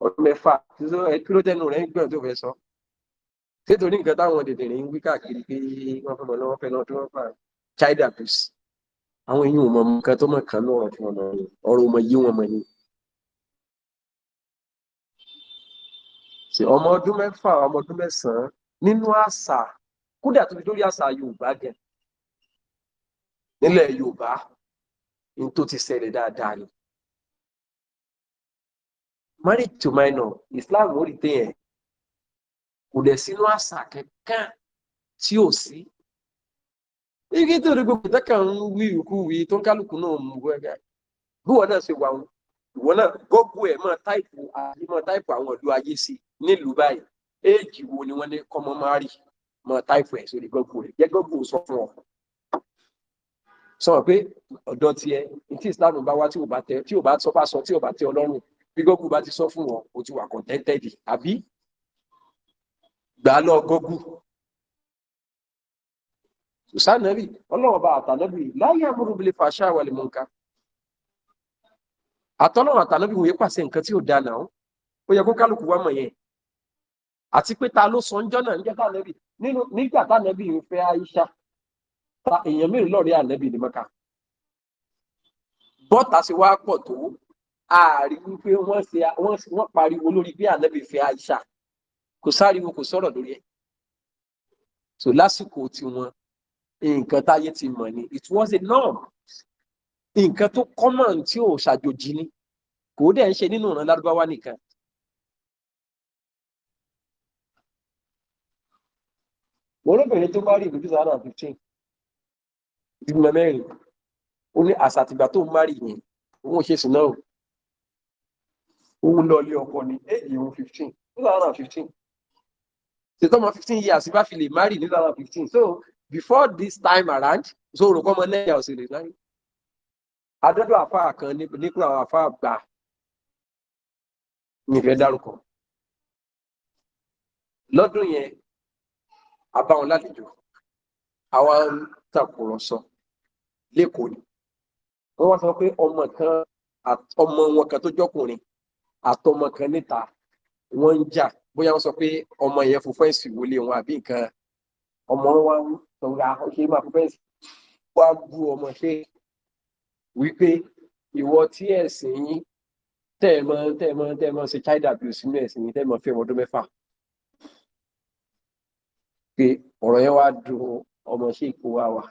ọdún mẹ́fà sísọ ẹtú ló tẹnu rẹ̀ ń gbọ́n tó fẹ́ sọ sétorí nǹkan táwọn dèdèrè ń wí káàkiri pé wọ́n fẹ́ mọ̀ náà wọ́n fẹ́ náà tó wọ́n fà child abuse àwọn èèyàn ọmọ nǹkan tó mọ̀ kàn ní ọ̀rọ̀ fún ọmọ ọ̀rọ̀ ọmọ yí wọn mọ̀ ni. ọmọ ọdún mẹ́fà ọmọ ọdún mẹ́sàn-án nínú àṣà kódà tó fi dórí àṣà Yorùbá gan nílẹ̀ Yorùbá ní tó ti ṣẹlẹ̀ dáadáa ni marriage to minor Islam ó rí téèyàn kò dẹ̀ sínú àṣà kankan tí ò sí igi tó rí gbogbo ìtẹ́kà ń wí ìkú wí tó ń kálukú náà mú gbẹ́gà bí wọn náà ṣe wà wọn ìwọ náà gbogbo ẹ̀ máa táìpù àyè máa táìpù àwọn ìlú ayé sí nílùú báyìí éèjì wo ni wọ́n ní kọ́mọ máa rí máa táìpù ẹ̀ sórí gbogbo rẹ̀ jẹ́ gbogbo sọ fún ọ sọ pé ọ̀dọ̀ tiẹ̀ tí islam bá wá tí ò bá tẹ tí ò bá sọ bá sọ tí ò bá tẹ ọlọ́run bí gọ́gù bá ti sọ fún wọn o ti wà contented àbí gbà lọ gọ́gù sùsánẹ́rì ọlọ́ọ̀bá àtàlẹ́bì láyé àmúrúbílẹ̀ fàṣà wà lè mú nǹkan àtọ́lọ́run àtàlẹ́bì wòye pàṣẹ nǹkan tí ò da náà ó yẹ kó kálukú wá mọ̀ yẹn àti pé ta ló sọ ń jọ́nà ń jẹ́ tàlẹ́bì nígbà tàlẹ́bì ń ta èèyàn mélòó lọ́ọ̀rẹ́ ànábì ní mọ́kà bọ́tà sì wá pọ̀ tó ààrí wípé wọ́n ṣe wọ́n pariwo lórí bí ànábì fẹ́ àìsà kò sáriwo kò sọ̀rọ̀ lórí ẹ̀ so lásìkò tiwọn nǹkan táyé ti mọ̀ ni it was a norm nǹkan tó common tí ò ṣàjòjì ni kò dẹ̀ ń ṣe nínú ìran lárúbáwá nìkan wọ́n lóbìnrin tó bá rí ìbùdó sáà náà fifteen ìgbìmọ̀ mẹ́rin ó ní àṣà àtìgbà tó ń márì yẹn òun ṣe sùn náà òun lọ ilé ọkọ ní èyí òun fifteen nílànà fifteen ṣètò ọmọ fifteen years bá fi lè márì nílànà fifteen so before this time around so òrùkọ́ ọmọ náírà ọ̀sẹ̀ lè márì adọ́dọ̀ àfa kan nípínlẹ̀ àfa gbà nífẹ̀ẹ́ dárúkọ lọ́dún yẹn abáwọn lálejò àwa ń tàkùrọ̀sọ. So lẹ́kọ̀ọ́ ni wọ́n wá sọ pé ọmọ kan ọmọ wọn kan tó jọkùnrin àtọmọ kan níta wọ́n ń jà bóyá wọ́n sọ pé ọmọ yẹn fún fẹ́ǹsì wọlé wọn àbí nǹkan ọmọ wa ń sọ̀rọ̀ àkọ́ṣe máa fún fẹ́ǹsì wá bú ọmọ ṣe wípé ìwọ tí ẹ̀sìn yín tẹ́ẹ̀mọ́ tẹ́ẹ̀mọ́ tẹ́ẹ̀mọ́ ṣe child abuse nínú ẹ̀sìn yín tẹ́ẹ̀mọ́ fẹ́ ọdún mẹ́fà pé ọ̀rọ̀ yẹn wá dùn ọmọ ṣe ìkó wa wà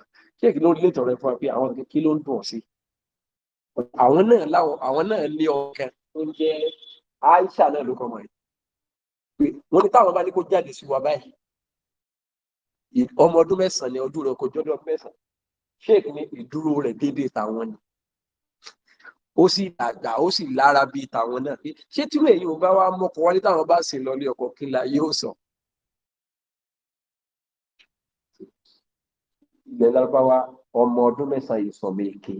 ṣé kí ló lè tọrọ ẹ fún wa pé àwọn nǹkan kí ló ń dùn ọ sí àwọn náà láwọn àwọn náà lé ọkàn tó ń jẹ Aisha náà ló kọ mọ ẹ pé wọn ní táwọn bá ní kó jáde sí wa báyìí ọmọ ọdún mẹ́sàn ni ọdún rẹ kò jọdọ ọdún mẹ́sàn sheik ní ìdúró rẹ déédéé tàwọn ni ó sì dàgbà ó sì lára bíi tàwọn náà ṣé tí èyí ò bá wá mọkọ wálé táwọn bá sì lọ ní ọkọ kí la yóò sọ ilẹ̀ lárúbáwá ọmọ ọdún mẹ́sàn-án ìsọ̀mí èké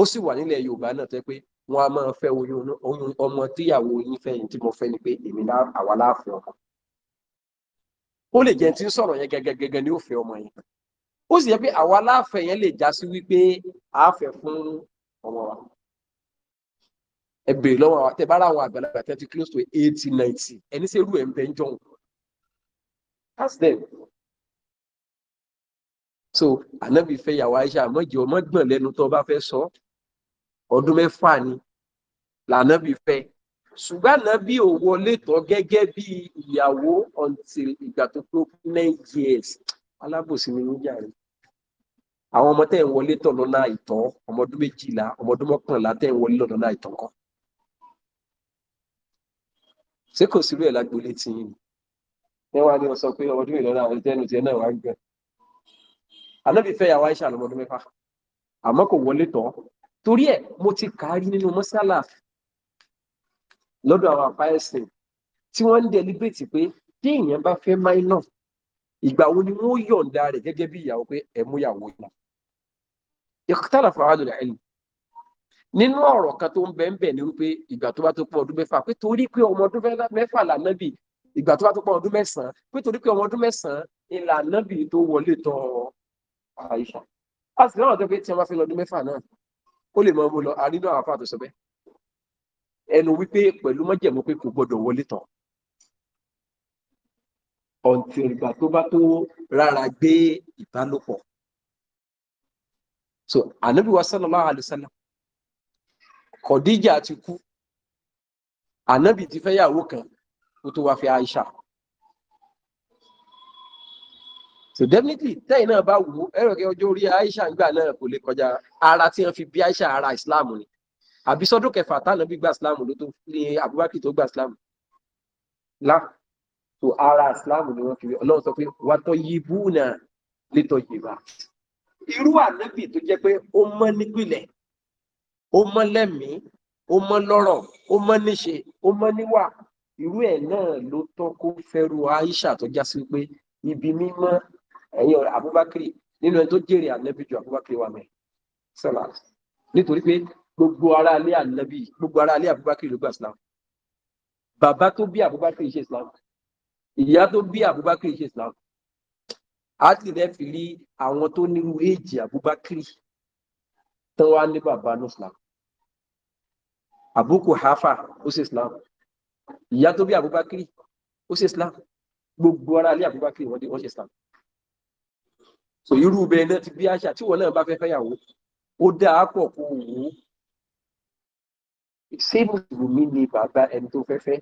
ó sì wà nílẹ̀ yorùbá náà tẹ́ pé wọ́n á máa fẹ́ oyún ọmọ tíyàwó yín fẹ́yìn tí mo fẹ́ ni pé èmi náà àwa láàfin ọmọ ó lè jẹ́ tí ń sọ̀rọ̀ yẹn gẹ́gẹ́gẹ́gẹ́ ni ó fẹ́ ọmọ yẹn ó sì yẹ pé àwa láàfẹ́ yẹn lè já sí wípé àáfẹ́ fún ọmọ wa ẹ bèrè lọ́wọ́ àwọn àtẹ̀bára àwọn àgbàlagbà tẹ́tí close to eighty ninety ẹni sẹ́rù ẹ̀ ń bẹ́ ń jọ̀hún ask them so ànábì fẹ́ yàwó Aisha àmọ́jẹ́ ọmọ gbọ̀n lẹ́nu tó bá fẹ́ sọ ọdún mẹ́fà ni lànábì fẹ́ ṣùgbọ́n ànábì ò wọlé tọ́ gẹ́gẹ́ bí ìyàwó until ìgbà tó tó nine years alábòsí ni níjà rẹ̀ àwọn ọmọ tẹ́ ń wọlé tọ̀ lọ́nà àìtọ́ ọmọ ọdún méjìlá ọmọ ọdún mọ́kànlá tẹ́ ń wọlé lọ́nà àìtọ́ kan ṣé kò sí rẹ̀ lágbolé tì yín ni wọ́n wá ní wọ́n pé ọmọ ọdún mélòó náà àwọn ìtẹ́nu tiẹ̀ náà wá gbẹ̀rẹ̀ anábì fẹ́ yàwó Aisha lọ́mọdún mẹ́fà àmọ́ kò wọlé tọ́ torí ẹ̀ mo ti kárí nínú mọ́sálà lọ́dọ̀ àwọn àpáyẹ̀sìn tí wọ́n ń dẹ́líbẹ̀tì pé bí èèyàn bá fẹ́ minor ìgbà wo ni wọ́n yọ̀ǹda rẹ̀ gẹ́gẹ́ bí ìyàwó pé ẹ̀ mú ìyàwó yìí ìkútàlà fún àwọn àlùlẹ̀ nínú ọ̀rọ̀ kan tó ń bẹ ń bẹ ni wípé ìgbà tó bá tó pọ̀ ọdún mẹ́fà pé torí pé ọmọ ọdún mẹ́fà lànàbì ìgbà tó bá tó pọ̀ ọdún mẹ́sàn-án pé torí pé ọmọ ọdún mẹ́sàn-án ìlànàbì tó wọlé tọ̀ ọ́ Aisha a sì láwọn tó pé tí wọn bá fi lọ́dún mẹ́fà náà ó lè mọ ọmọ lọ àrínú àwọn afáàtò sọ bẹ́ẹ̀ ẹnu wípé pẹ̀lú mọ́jẹ̀mú pé kò gbọ́dọ̀ wọlé tán ọ̀ǹtì ìgbà tó bá tó rárá gbé ìbálòpọ̀ so ànábì wa sallallahu alaihi wasallam Khadija ti kú ànábì ti fẹ́ yàwó kan ó tó wá fi Aisha. so definitely tẹ́yìn náà bá wò ó ẹ̀rọ kí ọjọ́ orí Aisha ń gbà náà kò lè kọjá ara tí wọ́n fi bí Aisha ara Islam ni àbí sọ́dún kẹfà táwọn bí gba Islam ló tó ní Abubakar tó gba Islam la so ara Islam ni wọ́n fi Ọlọ́run sọ pé wàtọ́ yibú náà létọ́ yìbá irú ànábì tó jẹ́ pé ó mọ́ nípìnlẹ̀ ó mọ́ lẹ́mìí ó mọ́ lọ́rọ̀ ó mọ́ níṣe ó mọ́ níwà irú ẹ̀ náà ló tọ́ kó fẹ́rù Aisha tó já sí pé ibi mímọ́ ẹ̀yin ọ̀rẹ́ Abubakar nínú ẹni tó jèrè ànábì ju Abubakar wà mẹ́ sọlá nítorí pé gbogbo ara alẹ́ ànábì gbogbo ara alẹ́ Abubakar ló gba Islam bàbá tó bí Abubakar ṣe Islam ìyá tó bí Abubakar ṣe Islam á sì rẹ́ fi rí àwọn tó nírú èjì Abubakar tán wá ní bàbá ní Islam àbúkù hafa ó ṣe Islam ìyá tó bí Abubakar ó ṣe Islam gbogbo ara alẹ́ Abubakar wọ́n ṣe Islam so irú bẹ́ẹ̀ náà ti bí àṣà tí wọn náà bá fẹ́ fẹ́yàwó ó dáa pọ̀ kó wù ú ṣé mùsùlùmí ni bàbá ẹni tó fẹ́ fẹ́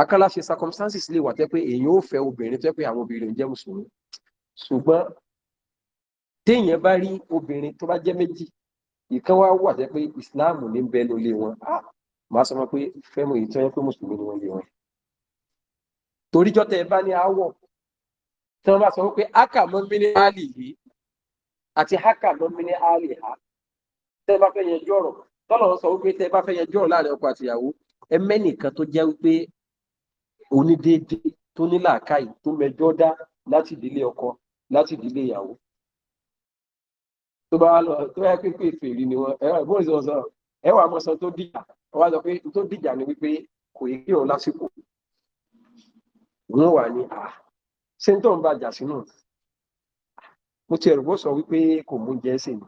akálà ṣe circumstances lè wà tẹ́ pé èyàn ò fẹ́ obìnrin tẹ́ pé àwọn obìnrin jẹ́ mùsùlùmí ṣùgbọ́n téèyàn bá rí obìnrin tó bá jẹ́ méjì ìkan wá wà tẹ́ pé Islam ní bẹ́ẹ̀ ló lé wọn ah! màá sọ wọn pé fẹ́mu èyí tó yẹ pé mùsùlùmí ni wọ́n lé wọn toríjọ́ tẹ́ ẹ bá ní aáwọ̀ tí wọ́n bá sọ wípé aka mọ́ mímí áàlì yìí àti aka mọ́ mímí áàlì ha tẹ́ bá fẹ́ yanjú ọ̀rọ̀ tọ́lọ̀ sọ wípé tẹ́ bá fẹ́ yanjú ọ̀rọ̀ láàrin ọkọ àtìyàwó ẹ mẹ́nìkan tó jẹ́ wípé onídéédé tó ní làákàyè tó mẹjọ́ dá láti ìdílé ọkọ láti ìdílé ìyàwó tó bá lọ tó yẹ pé pé fèrè ni wọn ẹ bó ṣe sọ ẹ sọ tó dìjà wọn sọ pé tó dìjà ni wípé kò yẹ kí ṣé ń tọ́n bá jà sínú mo ti ẹ̀rù bó sọ wípé kò mú jẹ́ sí ni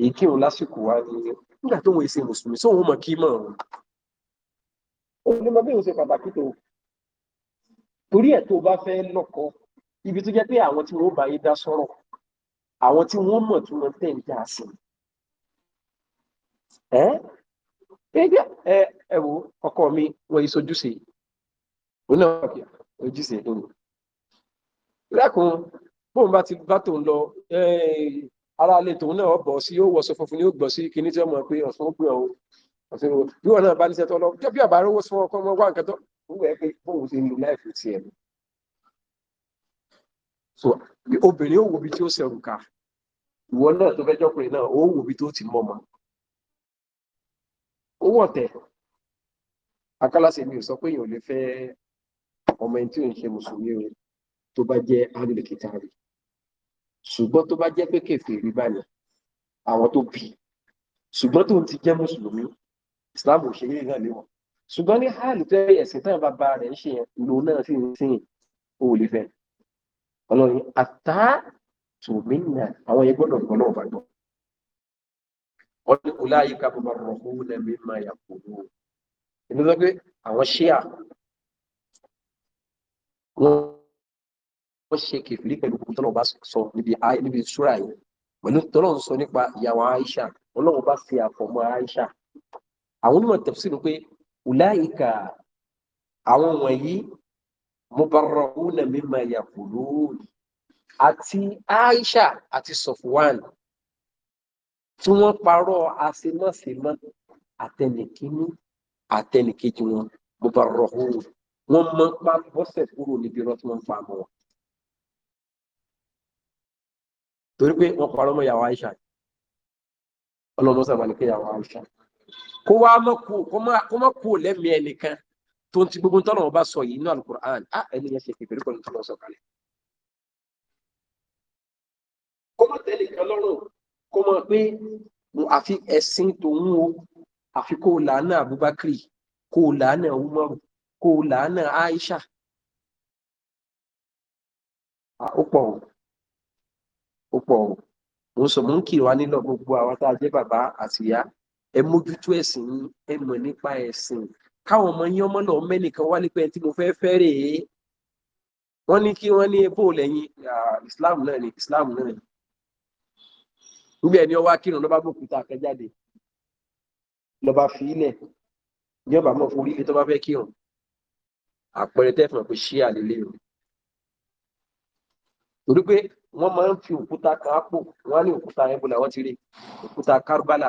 èyí kí òun lásìkò wá ní nígbà tó wọn èsì mùsùlùmí sóun ó mọ kí mọ̀ ọ́n òun ni mo bí òun ṣe pàtàkì tó torí ẹ̀ tó bá fẹ́ lọ́kọ ibi tó jẹ́ pé àwọn tí wọ́n bá yé dá sọ̀rọ̀ àwọn tí wọ́n mọ̀ tí wọ́n tẹ̀ ń dá sí ẹ́ ẹ ẹ wo ọkọ mi wọ́n yí sojúṣe òun náà ojúṣe lónìí lẹ́kùn bóun bá ti bá tòun lọ ara ilé tòun náà bọ̀ sí ó wọṣọ funfun ni ó gbọ̀ sí kíní tí wọ́n mọ̀ pé ọ̀sán ó pè ọ́ ọ̀sán ó bí wọn náà bá níṣẹ́ tó lọ jẹ́ bí àbá rówó sọ ọkọ ọmọ wá nǹkan tó ń wẹ̀ pé bóun ṣe lu láìpẹ́ tiẹ̀ ni. so obìnrin ó wo ibi tí ó ṣẹrù ká ìwọ náà tó fẹ́ jọkùnrin náà ó wo ibi tó ti mọ̀ mọ́ ó wọ̀ tẹ̀ akálàṣe mi ò sọ pé èèyàn ò lè fẹ́ ọmọ ẹni tí ò ń ṣe mùsùlùmí o tó bá jẹ́ alùkìtàrí ṣùgbọ́n tó bá jẹ́ pé kèfèrí báyìí àwọn tó bí ṣùgbọ́n tó ń ti jẹ́ mùsùlùmí islam ò ṣe é hàn níwọ̀n ṣùgbọ́n ní hàlù tó yẹ ẹ̀sìn táwọn bàbá rẹ̀ ń ṣe yẹn lòun náà sì ń sìn ó lè fẹ́ ọlọ́run àtá tòmínà àwọn yẹn gbọ́dọ̀ gbọ́ náà bá gbọ́ ọdún kùlá yìí ká bá rọ̀ fún lẹ́mí máa yà kó lù ìdúró pé àwọn ṣíà wọ́n ṣe kèfìrí pẹ̀lú gbogbo tọ́lọ́ bá sọ níbi níbi ìṣúra yìí pẹ̀lú tọ́lọ́ ń sọ nípa ìyàwó Aisha ọlọ́run bá fi àfọ̀mọ́ Aisha àwọn onímọ̀ tafsir pé ulaika àwọn wọ̀nyí mubarra'una mimma yaqulun àti Aisha àti Sofwan tí wọ́n parọ́ àṣemọ́ṣemọ́ àtẹnìkíní àtẹnìkejì wọn mubarra'una wọ́n mọ́ pa bọ́sẹ̀ kúrò níbi irọ́ tí wọ́n ń pa mọ́ wọn. torí pé wọ́n parọ́ mọ́ ìyàwó Aisha ọlọ́mọ sábà ní pé ìyàwó Aisha kó wá mọ́ kú lẹ́mìí ẹnìkan tó ń ti gbogbo ń tọ́nà ọba sọ yìí nínú alukur'an á ẹni yẹn ṣe kékeré pẹ̀lú tọ́nà sọ kalẹ̀. kó mọ̀ tẹ́lẹ̀ kan lọ́rùn kó mọ̀ pé àfi ẹ̀sìn tòun o àfi kó làánà Abubakar kó làánà Umaru kó làánà Aisha. ó pọ̀ o ó pọ̀ o mo ń sọ mo ń kì wá nílò gbogbo àwọn tá a jẹ́ bàbá àti ìyá ẹ mójútó ẹ̀sìn yín ẹ mọ̀ nípa ẹ̀sìn káwọn ọmọ yín ọmọ náà mẹ́nìkan wálé pé tí mo fẹ́ fẹ́ rèé wọ́n ní kí wọ́n ní ebó lẹ́yìn Islam náà ni Islam náà ni níbi ẹni ọwọ́ akírun lọ́ba bòkúta àkẹ́jáde lọ́ba fi ilẹ̀ ní ọba mọ̀ fún ilé tó bá fẹ́ kírun àpẹẹrẹ tẹ́fọ̀n pé ṣí àlélẹ́yìn torí pé wọ́n máa ń fi òkúta kan ápò wọ́n á ní òkúta yẹn bọ́lá wọ́n ti rí òkúta Karbala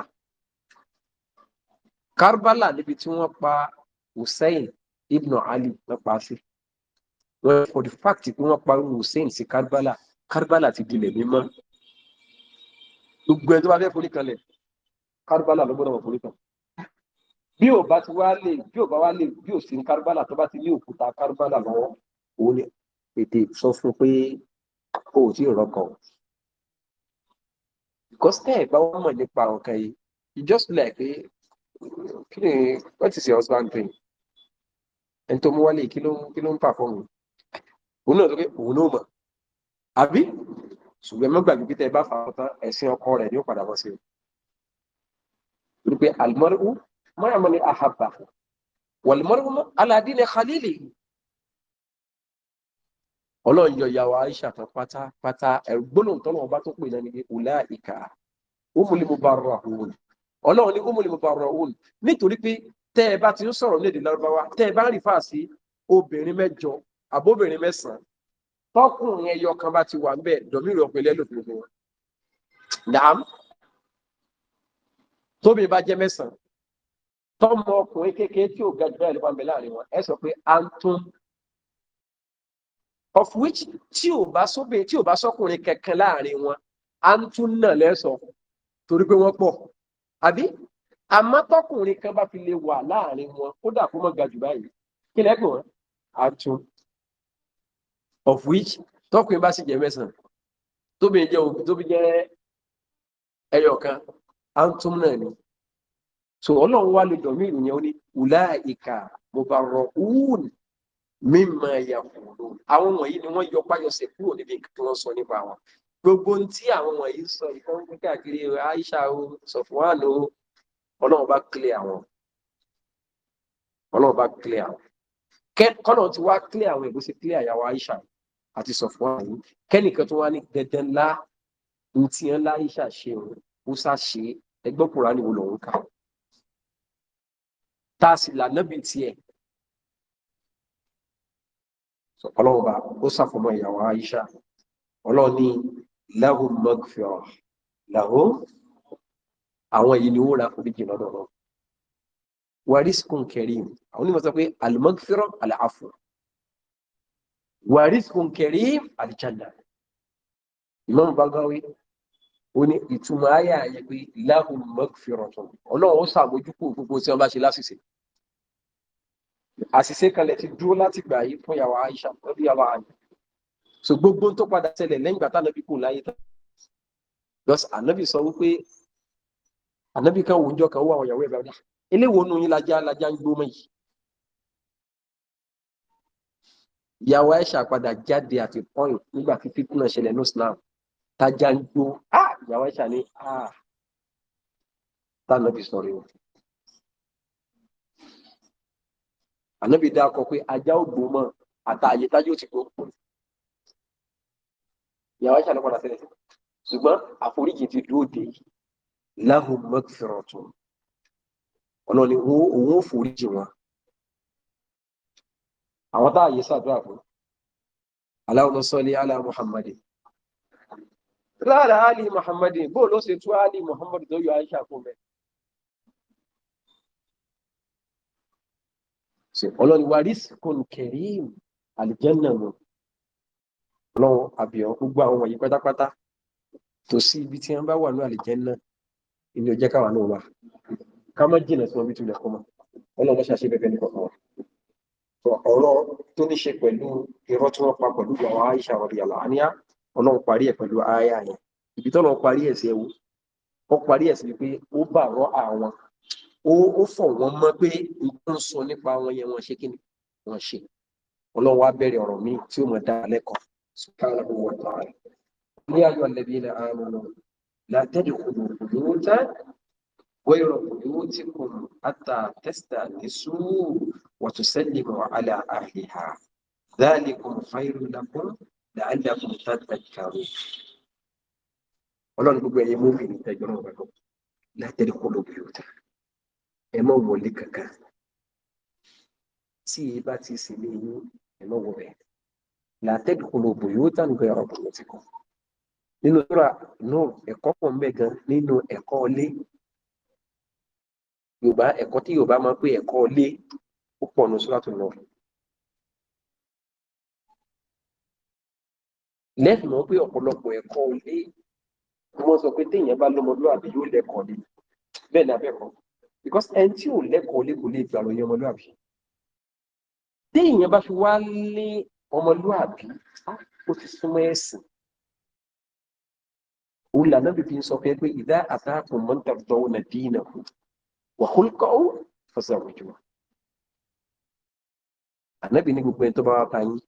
Karbala níbi tí wọ́n pa Hussein ibn Ali wọ́n pa sí wọ́n for the fact pé wọ́n pa Hussein sí Karbala Karbala ti dilẹ̀ mímọ́ gbogbo ẹ̀ tó bá fẹ́ forí kanlẹ̀ Karbala ló gbọ́dọ̀ wọ̀ forí kan bí ò bá ti wá lè bí ò bá wá lè bí ò sí Karbala tó bá ti ní òkúta Karbala lọ́wọ́ òun ni ètè sọ fún pé o ò tí ì rọkọ̀ because tẹ́ ẹ̀ bá mọ̀ nípa ọ̀kan yìí you just feel like pé kí ni what is your husband doing ẹni tó mú wálé kí ló kí ló ń pàfọ́ọ̀mù òun náà lórí òun náà mọ̀ àbí ṣùgbọ́n mọ́gbàgbé pé tẹ́ ẹ bá fà á tán ẹ̀sìn ọkọ rẹ̀ ni ó bọ́ sí o wípé alimọ́rú mọ́ra mọ́ ni àhàbà wàlúmọ́rú aládìní khalili ọlọ́run yọ ìyàwó aisha tán pátápátá ẹ̀gbọ́n tó wọn bá tó pè náà ọ̀là ìkà umuli mubarrahun ọlọ́run ní umuli mubarrahun nítorí pé tẹ́ ẹ bá ti ń sọ̀rọ̀ lédè lárúbáwá tẹ́ ẹ bá ń rí fàásì obìnrin mẹ́jọ àbóbìnrin mẹ́sàn-án tọkùnrin ẹyọ kan bá ti wà ń bẹ̀ dọ̀míìrì ọ̀pẹ̀lẹ́ lòdì dàm tóbi bá jẹ́ mẹ́sàn-án tọmọ ọkùnrin kékeré tí ò ga jù antum of which tí ò bá sóbè tí ò bá sọkùnrin kankan láàrin wọn á ń tún náà lẹ́sọ̀ọ́ torí pé wọ́n pọ̀ àbí àmọ́ tọkùnrin kan bá fi lè wà láàrin wọn kódà kó mọ̀ ga jù báyìí kí lẹ́gbẹ̀ẹ́ wọn á tún of which tọkùnrin bá sì jẹ mẹ́sàn-án tóbi jẹ tóbi jẹ ẹyọ kan á ń tún náà ni so ọlọ́run wá lè dọ̀mí ìròyìn ó ní ùlá ìkà mo bá rọ̀ ùún mímọ ẹ̀yà kúrò àwọn wọ̀nyí ni wọ́n yọ páyọsẹ̀ kúrò níbi nǹkan tí wọ́n sọ nípa wọn gbogbo ohun tí àwọn wọ̀nyí sọ ìkan ń káàkiri Aisha o Sọfwan o Ọlọ́run bá kílẹ̀ àwọn Ọlọ́run bá kílẹ̀ àwọn kọ́nà tí wàá kílẹ̀ àwọn ìgbésí kílẹ̀ àyàwó Aisha àti Sọfwan yìí kẹ́nìkan tó wá ní dandan ńlá ní ńlá Aisha ṣe o ó sá ṣe ẹgbẹ́ Kùránì wo lòun kà tá a sì là nábì tiẹ̀ ọlọ́run bá ó sàfọmọ ìyàwó Aisha ọlọ́run ní lahu magfira lahu àwọn èyí ni ó ra foríjì lọ́dọ̀ lọ wariskun karim àwọn onímọ̀ sọ pé al-magfira al-afu wariskun karim al Imam Bagawi ó ní ìtumọ̀ ayé àyẹ̀ pé lahu magfira ọlọ́run ó sàmójúkú gbogbo tí wọ́n bá ṣe lásìsì àṣìṣe kalẹ̀ ti dúró láti gbà yí fún ìyàwó Aisha lórí àwọn àyè so gbogbo tó padà ṣẹlẹ̀ lẹ́yìn ìgbà tánàbí kù láyé tán because ànábì sọ wípé ànábì kan wò ń jọ kan ó àwọn ìyàwó ẹ̀ bàbá eléwo nu yín lajá lajá ń gbómọ yìí ìyàwó Aisha padà jáde àti pọ́ìn nígbà tí fitna ṣẹlẹ̀ ní Islam tájá ń gbó ah! ìyàwó Aisha ní ah! tánàbì sọ̀rọ̀ yìí ànábì dá akọ pé ajá ò gbó mọ àtàyè tájú ò ti gbó ìyàwó ṣàlẹ padà sílẹ̀ sí ṣùgbọ́n àforíjì ti dúró dé láhùn mọtìrọtù ọ̀nà ni òun ò foríjì wọn àwọn táàyè ṣàdúrà fún Allahumma salli ala Muhammadin lára ali Muhammadin bóòlù ó ṣe tú ali Muhammadin tó yọ Aisha kó mẹ́rin. ṣe ọlọ́ni wa rizqun karim àlìjẹ́nà mọ̀ ọlọ́run àbíọ́ gbogbo àwọn wọ̀nyí pátápátá tó sí ibi tí wọ́n bá wà ní àlìjẹ́nà ilé ọjọ́ káwa náà wà ká má jìnà sí wọn bí tulẹ̀ kọ́ mọ́ ọlọ́run bá ṣàṣe bẹ́ẹ̀ nìkan wọn. ọ̀rọ̀ tó ní ṣe pẹ̀lú irọ́ tí wọ́n pa pẹ̀lú àwọn Aisha ọ̀rọ̀ yàrá àníyá ọlọ́run parí ẹ̀ pẹ̀lú aya yẹn ibi tọ́lọ́run parí ẹ̀ sí ẹ̀wò ó parí ẹ̀ sí pé ó bàrọ̀ àwọn ó fọ̀ wọ́n mọ́ pé nǹkan sọ nípa wọn yẹn wọ́n ṣe kí ni wọ́n ṣe ọlọ́run wá bẹ̀rẹ̀ ọ̀rọ̀ míì tí ó mọ̀ dá lẹ́kọ̀ọ́ subhanahu wa ta'ala ní ayọ̀ lẹ́bí ilẹ̀ ààrùn la tadkhulu buyuta ghayra buyutikum hatta tasta'nisu wa tusallimu ala ahliha dhalikum khayrun lakum la'allakum tadhakkarun ọlọ́run gbogbo ẹ̀yẹ mú mi ní tẹ́jọ́ náà la tadkhulu buyuta ẹ má wọlé kankan tí ì bá ti sì lé yín ẹ má wọbẹ làtẹ́dù kò lọ bò yóò tànù kọ ẹ̀rọ bùnú ti kọ nínú sura Nur ẹ̀kọ́ pọ̀ ń bẹ gan nínú ẹ̀kọ́ ilé Yorùbá ẹ̀kọ́ tí Yorùbá máa ń pè ẹ̀kọ́ ilé ó pọ̀ nù sura tó lọ. lẹ́sìn mọ́ pé ọ̀pọ̀lọpọ̀ ẹ̀kọ́ ilé wọ́n sọ pé téèyàn bá lọ́mọdúnrún àbí yóò lẹ́kọ̀ọ́ ni bẹ́ẹ̀ ni abẹ́kọ̀ọ́ because ẹni tí ò lẹ́kọ̀ọ́ lẹ́kọ̀ọ́ lè gbà ròyìn ọmọlúàbí tí èèyàn bá fi wá lé ọmọlúàbí ó ti súnmọ́ ẹ̀sìn òun lànà bìbí sọ pé pé ìdá àtàkùn mọ́ntàdọ́wọ́ nà dínà kù wà hólùkọ́ ó fọ́sà òjò ànábì ní gbogbo ẹni tó bá wá pa yín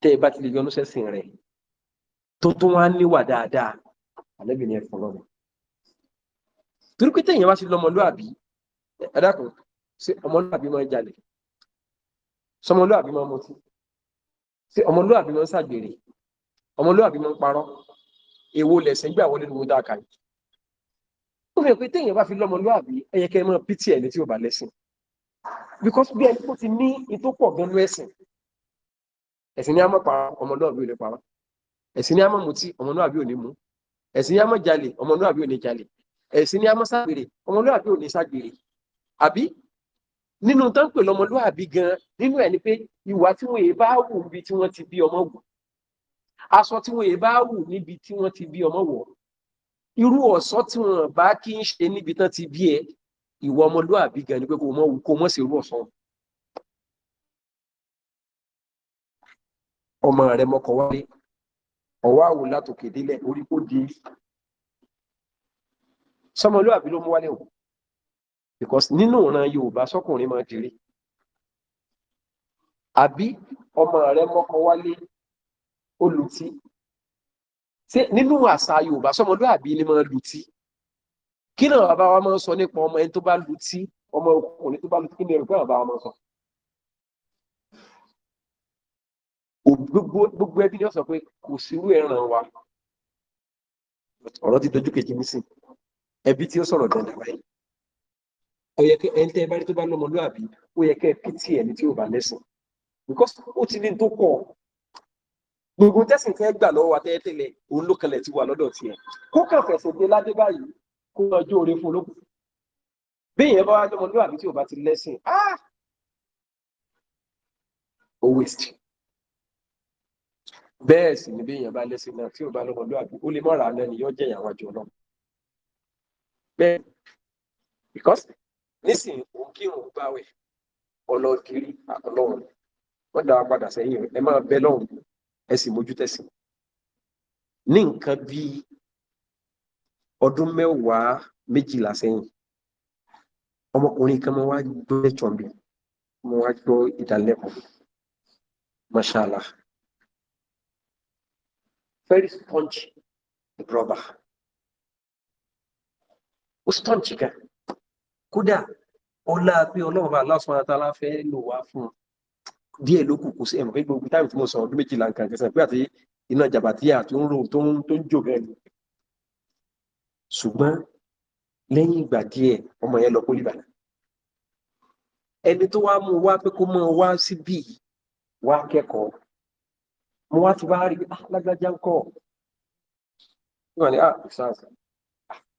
tẹ́ ẹ bá ti lè yọnu sẹ́sìn rẹ̀ tó tún wá níwà dáadáa ànábì ní ẹ̀fọ́ lọ́rùn torí pé téèyàn bá ti lọ ọmọlúàbí ẹ dákun ṣé ọmọlúàbí máa ń jalè ṣọmọlúàbí máa ń mutí ṣé ọmọlúàbí máa ń ṣàgbèrè ọmọlúàbí máa ń parọ́ èwo lẹ̀sìn gbà wọlé lówó dáa kàyí ó fi hàn pé téèyàn bá fi lọ́mọlúàbí ẹyẹ kẹ́ ẹ máa pítì ẹni tí ò bá lẹ́sìn because bí ẹni tó ti ní ètò pọ̀ gan ló ẹ̀sìn ẹ̀sìn ní a máa para ọmọlúàbí ò ní para ẹ̀sìn ní a máa mutí ọmọlúàbí ò ní mu ẹ̀sìn ní a máa jalè ọmọlúàbí ò ní jalè ẹ̀sìn ni a mọ́ ságbèrè ọmọlúwàbí ò ní ságbèrè àbí nínú tán pè lọmọlúwàbí gan nínú ẹ̀ ni pé ìwà tí wọ́n yìí bá wù níbi tí wọ́n ti bí ọmọ wù aṣọ tí wọ́n yìí bá wù níbi tí wọ́n ti bí ọmọ wọ̀ irú ọ̀ṣọ́ tí wọ́n bá kí ń ṣe níbi tán ti bí ẹ ìwà ọmọlúwàbí gan ni pé kò mọ̀ wù kó mọ̀ sí irú ọ̀ṣọ́ ọmọ rẹ mọkọ wálé ọwọ́ àwò látòkè délẹ̀ orí kò di sọmọlúwàbí ló mú wálé o because nínú ìran yorùbá sọkùnrin máa dirí àbí ọmọ rẹ mọ́kọ wálé olùtí nínú àṣà yorùbá sọmọlúwàbí ni máa lùtí kí náà bàbá wa máa ń sọ nípa ọmọ ẹni tó bá lùtí ọmọ ọkùnrin tó bá lùtí kí ni ẹrù pé bàbá wa máa sọ. gbogbo ẹbí ni wọ́n sọ pé kò sírú ẹran wa ọ̀rọ̀ ti dojú kejì nísìnyí ẹbí tí ó sọ̀rọ̀ dandan báyìí ó yẹ kí ẹni tẹ́ ẹ bá rí tó bá lọ́mọ lóàbí ó yẹ kẹ́ ẹ pìtì ẹni tí ò bá lẹ́sìn because ó ti ní tó kọ̀ gbogbo tẹ́sìn tẹ́ gbà lọ́wọ́ atẹ́tẹ́lẹ̀ òun ló kalẹ̀ ti wà lọ́dọ̀ tiẹ̀ kó kàn fẹ̀sẹ̀ dé ládé báyìí kó ọjọ́ orí fún olókùn bí ìyẹn bá wá lọ́mọ lóàbí tí ò bá ti lẹ́sìn ah ó waste bẹ́ẹ̀ sì ni bí èèyàn bá lẹ́sìn náà tí ò bá lọ́mọlúwàbí ó lè mọ̀ra náà ni yóò jẹ́ ìyàwó àjọ náà bẹ́ẹ̀ because nísìnyí òun kí òun gbà wẹ̀ ọlọ́ọ̀kiri àkọlọ́wọ̀n wọ́n dá wa padà sẹ́yìn rẹ̀ ẹ máa bẹ́ lọ́hùn ẹ sì mójú tẹ̀sí ní nǹkan bíi ọdún mẹ́wàá méjìlá sẹ́yìn ọmọkùnrin kan máa wá gbọ́ ẹ̀tọ́ mi mo wá gbọ́ ìdálẹ́kọ̀ọ́ mashallah very spongy rubber ó stọ́n chika kódà ó láà pé ọlọ́run bá aláṣọ àtàlà fẹ́ lò wá fún díẹ̀ ló kù kò sí ẹ̀mọ̀ pé gbogbo táìmù tí mo sọ ọdún méjìlá nǹkan kẹsàn pé àti iná jàbàtíyà tó ń rò tó ń tó ń jò gan ni ṣùgbọ́n lẹ́yìn ìgbà díẹ̀ ọmọ yẹn lọ kó lìbàdàn ẹni tó wá mú wá pé kó mọ wá síbí wá kẹ́kọ̀ọ́ mo wá ti wá rí ah, lágbájá ń kọ́ ọ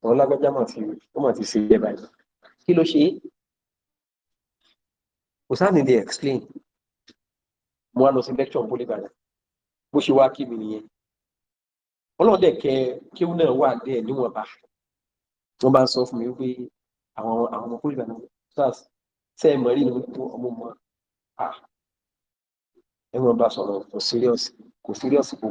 àwọn lágbájá mà ti ó mà ti ṣe yẹ báyìí kí ló ṣe é kò sáà nílé explain mo wá lọ sí lecture bólé ìbàdàn bó ṣe wá kí mi nìyẹn ọlọ́dẹ̀ kẹ kéwú náà wà dẹ̀ níwọ̀nba wọ́n bá ń sọ fún mi wípé àwọn àwọn ọmọ bólé ìbàdàn sars tẹ́ ẹ mọ̀ rí ni ọmọ mọ́ ah ẹ̀wọ̀n bá sọ̀rọ̀ kò serious kò serious kò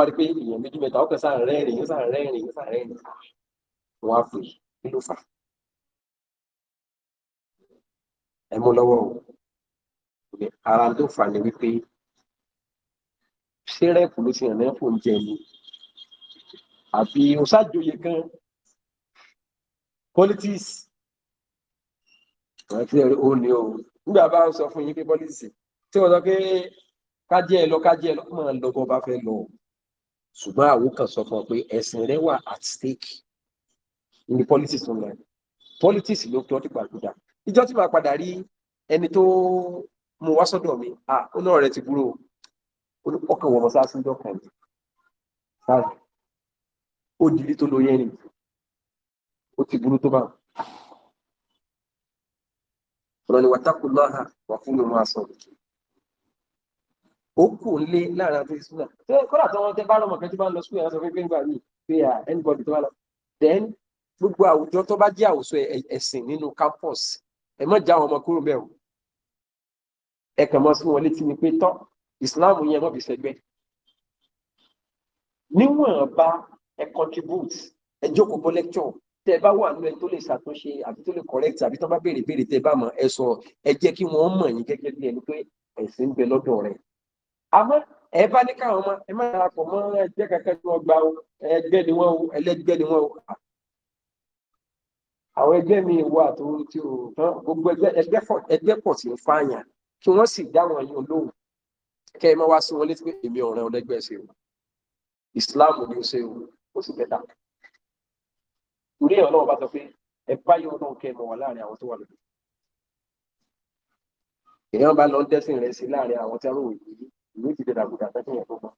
wá rí pé èèyàn méjì mẹ́ta ọkàn sáà rẹ́rìn-ín sáà rẹ́rìn-ín sáà rẹ́rìn-ín wọ́n á pè kí ló fà ẹ mú lọ́wọ́ o ara tó fà ní wípé ṣé rẹ́ẹ̀pù ló ti hàn náà fò jẹ ni àbí òṣàjòyè kan politics àti ó ní o nígbà bá sọ fún yín pé politics tí wọ́n sọ pé kájẹ́ ẹ lọ kájẹ́ ẹ lọ máa lọ bọ́ bá fẹ́ lọ ṣùgbọ́n àwọn kan sọ fún ọ pé ẹ̀sìn rẹ wà at stake in the politics of life politics ló kí wọ́n ti gbàgbọ́dà ìjọ tí màá padà rí ẹni tó mo wá sọ́dọ̀ mi ah ó náà rẹ ti búrò ọkàn wọ̀ mọ́ sáà sí dọ́kàn mi sáà ó dìrí tó lóyún ẹni ó ti burú tó bá ọ̀rọ̀ ni wàtákùláhà wà fún mi máa sọ̀rọ̀ kí ó kù ń lé láàrin àti ìṣúná tó kọ́dà tó wọn tẹ bá rọmọ kan tí wọn lọ skul yàrá sọ pé pé ń pé à anybody tó bá lọ then gbogbo àwùjọ tó bá jẹ́ àwòsọ ẹ̀sìn nínú campus ẹ mọ̀ já àwọn ọmọ kúrò mẹ́rù ẹ kàn mọ́ sí wọn létí ni pé tọ́ Islam yẹn mọ̀ bí sẹ́gbẹ́ níwọ̀n bá ẹ contribute ẹ jókòó bọ́ lecture tẹ bá wà nínú ẹ tó lè ṣàtúnṣe àbí tó lè correct àbí tó bá béèrè béèrè tẹ bá mọ̀ ẹ sọ ẹ jẹ́ kí wọ́n mọ̀ yín gẹ́gẹ́ bí ẹni pé ẹ̀sìn ń bẹ lọ́dọ̀ rẹ̀ àmọ́ ẹ bá ní káwọn ọmọ ẹ má darapọ̀ mọ́ ẹgbẹ́ kankan tí wọ́n gba o ẹgbẹ́ ni wọ́n o ẹlẹ́gbẹ́ ni wọ́n o. àwọn ẹgbẹ́ mi wà tó tí o tán gbogbo ẹgbẹ́ pọ̀ sí ń fààyàn kí wọ́n sì dá wọn yín lóhùn kẹ́ ẹ má wá sí wọn létí pé èmi ọ̀rẹ́ ọ̀lẹ́gbẹ́ ṣe o Islam ni o ṣe o ó sì bẹ́ẹ̀ dà. torí ẹ̀ ọlọ́run bá sọ pé ẹ báyọ̀ ọlọ́run kẹ́ ẹ mọ̀ wá láàrin àwọn tó wà lóde. èèyàn bá lọ dẹ́sìn rẹ̀ sí láàrin àwọn tí a rò wò yìí yóò ti dẹ̀dà àbùdá tẹ́tí yẹn tó mọ́.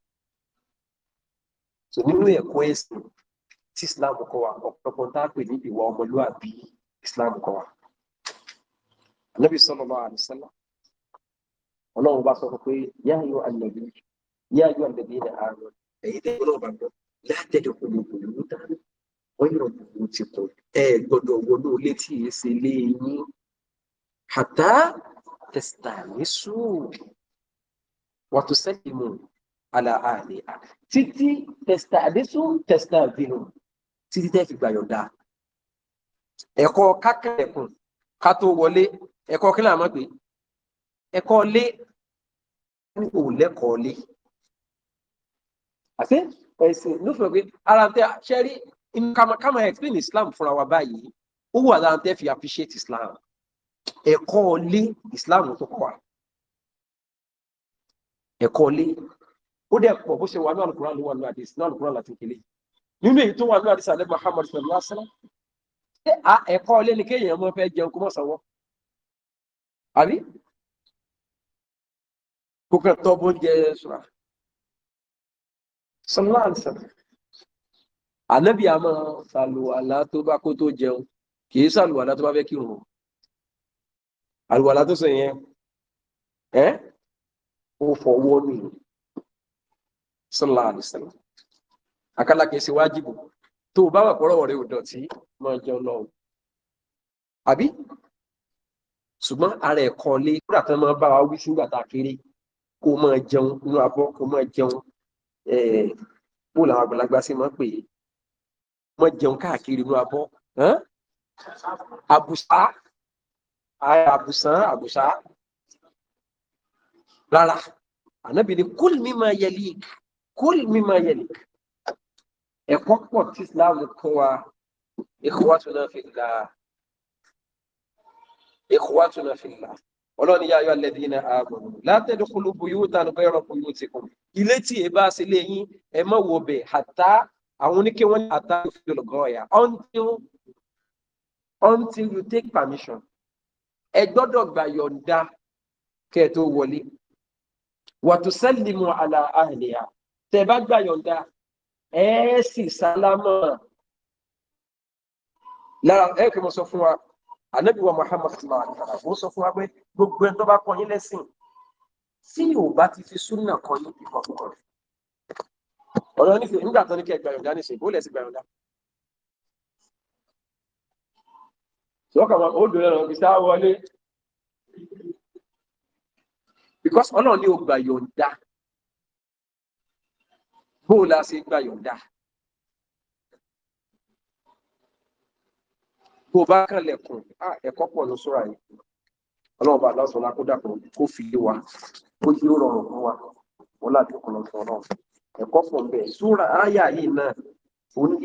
sọ nínú ẹ̀kọ́ ẹ̀sìn tí Islam kọ́ wa ọ̀pọ̀lọpọ̀ tá a pè ní ìwà ọmọlúwàbí Islam kọ́ wa. Ànábì sallallahu alaihi wasallam ọlọ́run bá sọ pé yá yọ àlẹ́bí yá yọ àlẹ́bí ní àárọ̀ èyí tẹ́ ọlọ́run bá gbọ́ látẹ̀dẹ̀ kò lè kò lè wú dáná wọ́n yọ̀ bùkún ti kọ̀ ẹ gbọ́dọ̀ wọnú létí yìí ṣe lé yín hàtá tẹ̀sítà ní sùúrù wàtúsẹ́lìmù aláàlẹ́ títí testa àdésù testa àbínú títí tẹ́ fi gbàyọ̀dá ẹ̀kọ́ kákẹ́ẹ̀kùn ká tó wọlé ẹ̀kọ́ kí láàmọ́ pé ẹ̀kọ́ lé ní òlẹ́kọ̀ọ́ lé àti ẹ̀sìn ló fẹ́ pé ara tẹ́ ṣe rí kama explain Islam fúnra wa báyìí ó wà lára fi appreciate Islam ẹ̀kọ́ lé Islam tó kọ́ wa ẹ̀kọ́ lé ó dẹ̀ pọ̀ bó ṣe wà ní alukuran ló wà ní àdìs ní alukuran láti kéle nínú èyí tó wà ní àdìs alẹ́ Muhammad sallallahu alaihi wasallam ẹ̀kọ́ lé ni kéèyàn mọ́ fẹ́ jẹun kó mọ̀ sanwó àbí kó kàn tọ́ bó ń jẹ sùrà sallallahu alaihi wasallam ànábì àmọ́ sàlùwàlá tó bá kó tó jẹun kì í sàlùwàlá tó bá fẹ́ kírun àlùwàlá tó sọ yẹn ẹ́ ó fọwọ́ nìyí sallallahu alaihi wasallam àkàlà kìí ṣe wájìbù tó o bá wà pọ́rọ̀ rẹ ò dọ̀tí máa jẹun lọ o àbí ṣùgbọ́n ara ẹ̀kọ́ lé kúrò àtàn máa bá wa wí sígbà tá a kéré kó o máa jẹun inú abọ́ kó máa jẹun bó làwọn àgbàlagbà sí máa pè é máa jẹun káàkiri inú abọ́ àbùsá àbùsán àbùsá rárá ànábì ni kúl mímọ yẹlík kúl mímọ yẹlík ẹ̀kọ́ pọ̀ tí islam kọ́ wa ikhwatuna fillah ikhwatuna fillah ọlọ́ni yá ayọ́ alẹ́dí iná ààbọ̀n látẹ̀dù kúlùbù yóò tà lọ́gbẹ́ ọ̀rọ̀kù yóò ti kùn ilé ẹ bá sílé yín ẹ àwọn oníkẹ́ wọn àtà òfin lọ́gọ́ until until you take permission ẹ gbọ́dọ̀ gbà yọ̀ǹda kẹ́ ẹ tó wọlé wàtúsẹ́lìmù àlà àhìlìyà tẹ́ bá gbà yọ̀ǹda ẹ sì sálámà lára ẹ kì í mo sọ fún wa ànábì wa Muhammad sallallahu alaihi wasallam mo sọ fún wa pé gbogbo ẹni tó bá kọ́ yín lẹ́sìn tí ò bá ti fi súnà kọ́ yín ìkọ̀ fún ọ ọ̀rọ̀ nífẹ̀ẹ́ nígbà tó ní kí ẹ gbà yọ̀ǹda níṣẹ́ ìbò lẹ̀ sí gbà sọ́kà wọn ó dòwe ọ̀rọ̀ ìgbésà wọlé because ọlọ́run ní o gbà bó o la ṣe gbà yọ̀ǹda tó o bá kàn ẹkọ pọ pọ̀ ló yìí ọlọ́run bá aláṣọ la kó kó fi yé wa kó yí ó rọrùn fún wa wọn láti kọ́ lọ́sọ̀ ọlọ́run ń yìí náà òun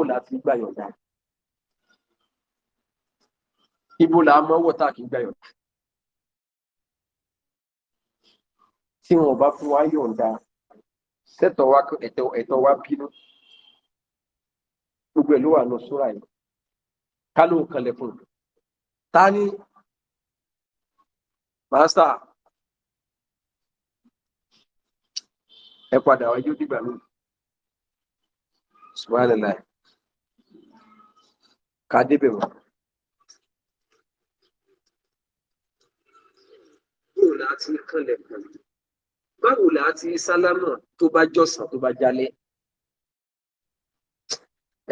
náà láti ibo là á mọ owó tá a kì í gba yọ̀ǹda tí wọn ò bá fún wa yọ̀ǹda sẹ́tọ̀ wa ẹ̀tọ́ wa bínú gbogbo ẹ̀ ló wà lọ sóra yìí ká ló ń kanlẹ̀ fún ta ni màásà ẹ padà wájú dìgbà mi subhanallah ká débẹ̀ wọ́n. là á ti kanlẹ̀ kan báwo là á ti sálámà tó bá jọ̀sán tó bá jalẹ̀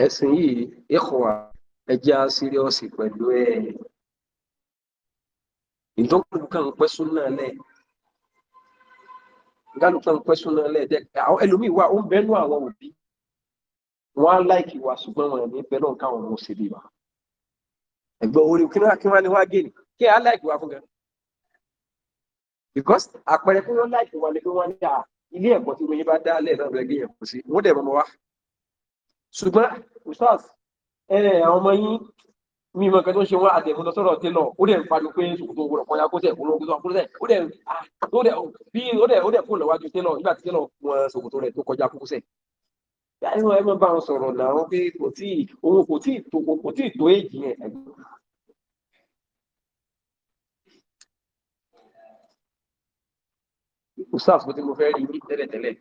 ẹ̀sìn yìí ìkọ̀wà ẹja síríọ́sì pẹ̀lú ẹ̀ ìdókòlùkà ń pẹ́ sún náà lẹ̀ ìdálùkà ń pẹ́ sún náà lẹ̀ jẹ́ àwọn ẹlòmíì wà ó ń bẹ́nu àwọn òbí wọn á láìkì wá ṣùgbọ́n wọn ní bẹ́ẹ̀ náà káwọn ọmọ òṣèlú wa ẹ̀gbọ́n orí kí wọ́n á kí wọ́n á ní wá gé ni kí á láìkì wá fún gan because àpẹẹrẹ pé wọ́n láìpẹ́ wà ní pé wọ́n ní à ilé ẹ̀kọ́ tí wọ́n yín bá dálẹ̀ náà lọ́gbẹ́ yẹn kò sí wọ́n dẹ̀ mọ́ wa ṣùgbọ́n ustaz ẹ àwọn ọmọ yín mi mọ̀ nǹkan tó ń ṣe wọ́n àtẹ̀mú lọ sọ́dọ̀ tẹ́lọ̀ ó dẹ̀ ń pariwo pé sòkòtò òwúrọ̀ kọjá kó tẹ̀ kó lọ́wọ́ kó tẹ̀ ó dẹ̀ ó dẹ̀ bí ó dẹ̀ ó dẹ̀ kó lọ́wọ́ ju tẹ́lọ̀ nígbà tí tẹ́lọ̀ wọn sòkòtò rẹ̀ tó kọjá kókó sẹ̀. ẹ máa bá wọn sọ̀rọ̀ náà pé kò tí kò tí kò tí tó èjì yẹn usas mo ti mo fẹ́ rí ní tẹ́lẹ̀tẹ́lẹ̀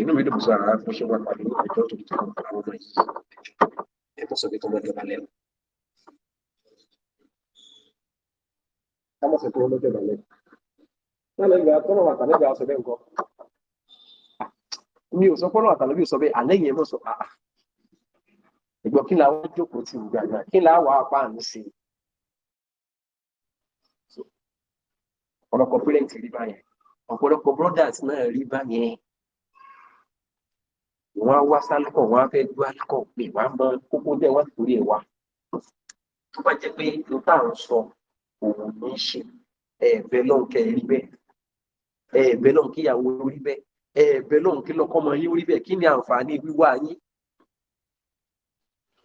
inú mi dùn sára mo ṣe wà pàdé ní ọjọ́ tó tó kọ́ àwọn ọmọ yìí ẹ mọ̀ sọ pé kọ́ lọ́jọ́ balẹ̀ lọ. ká mọ̀ sọ pé lọ́jọ́ balẹ̀ náà lẹ́yìn ìgbà tọ́nà àtàlẹ́ ìgbà sọ bẹ́ẹ̀ nǹkan mi ò sọ pé ọ̀nà àtàlẹ́ mi ò sọ bẹ́ẹ̀ àlẹ́ yẹn mọ̀ sọ àà ah, ah. ẹ̀gbọ́n kí la wọ́n jókòó tì í gbàgbà kí la wà á pa àmì sí i ọ̀rọ̀ kọ̀pẹ́lẹ́ǹtì rí báyẹn ọ̀pọ̀lọpọ̀ brothers náà rí báyẹn wọ́n á wá sálùkọ̀ wọ́n á fẹ́ gbé alùkọ̀ pé wọ́n á mọ kókó dẹ́ wọ́n torí ẹ̀ wá tó bá jẹ́ pé ló tá à ń sọ òun ní í ṣe ẹ̀ẹ̀bẹ̀ lọ́hùn kẹ́ ẹ rí bẹ́ẹ̀ ẹ̀ẹ̀bẹ̀ lọ́hùn kíyàwó rí bẹ́ẹ̀ ẹ̀ẹ̀bẹ̀ lọ́hùn kí lọ́kọ́ ọmọ yín rí bẹ́ẹ̀ kí ni àǹfààní wíwá yín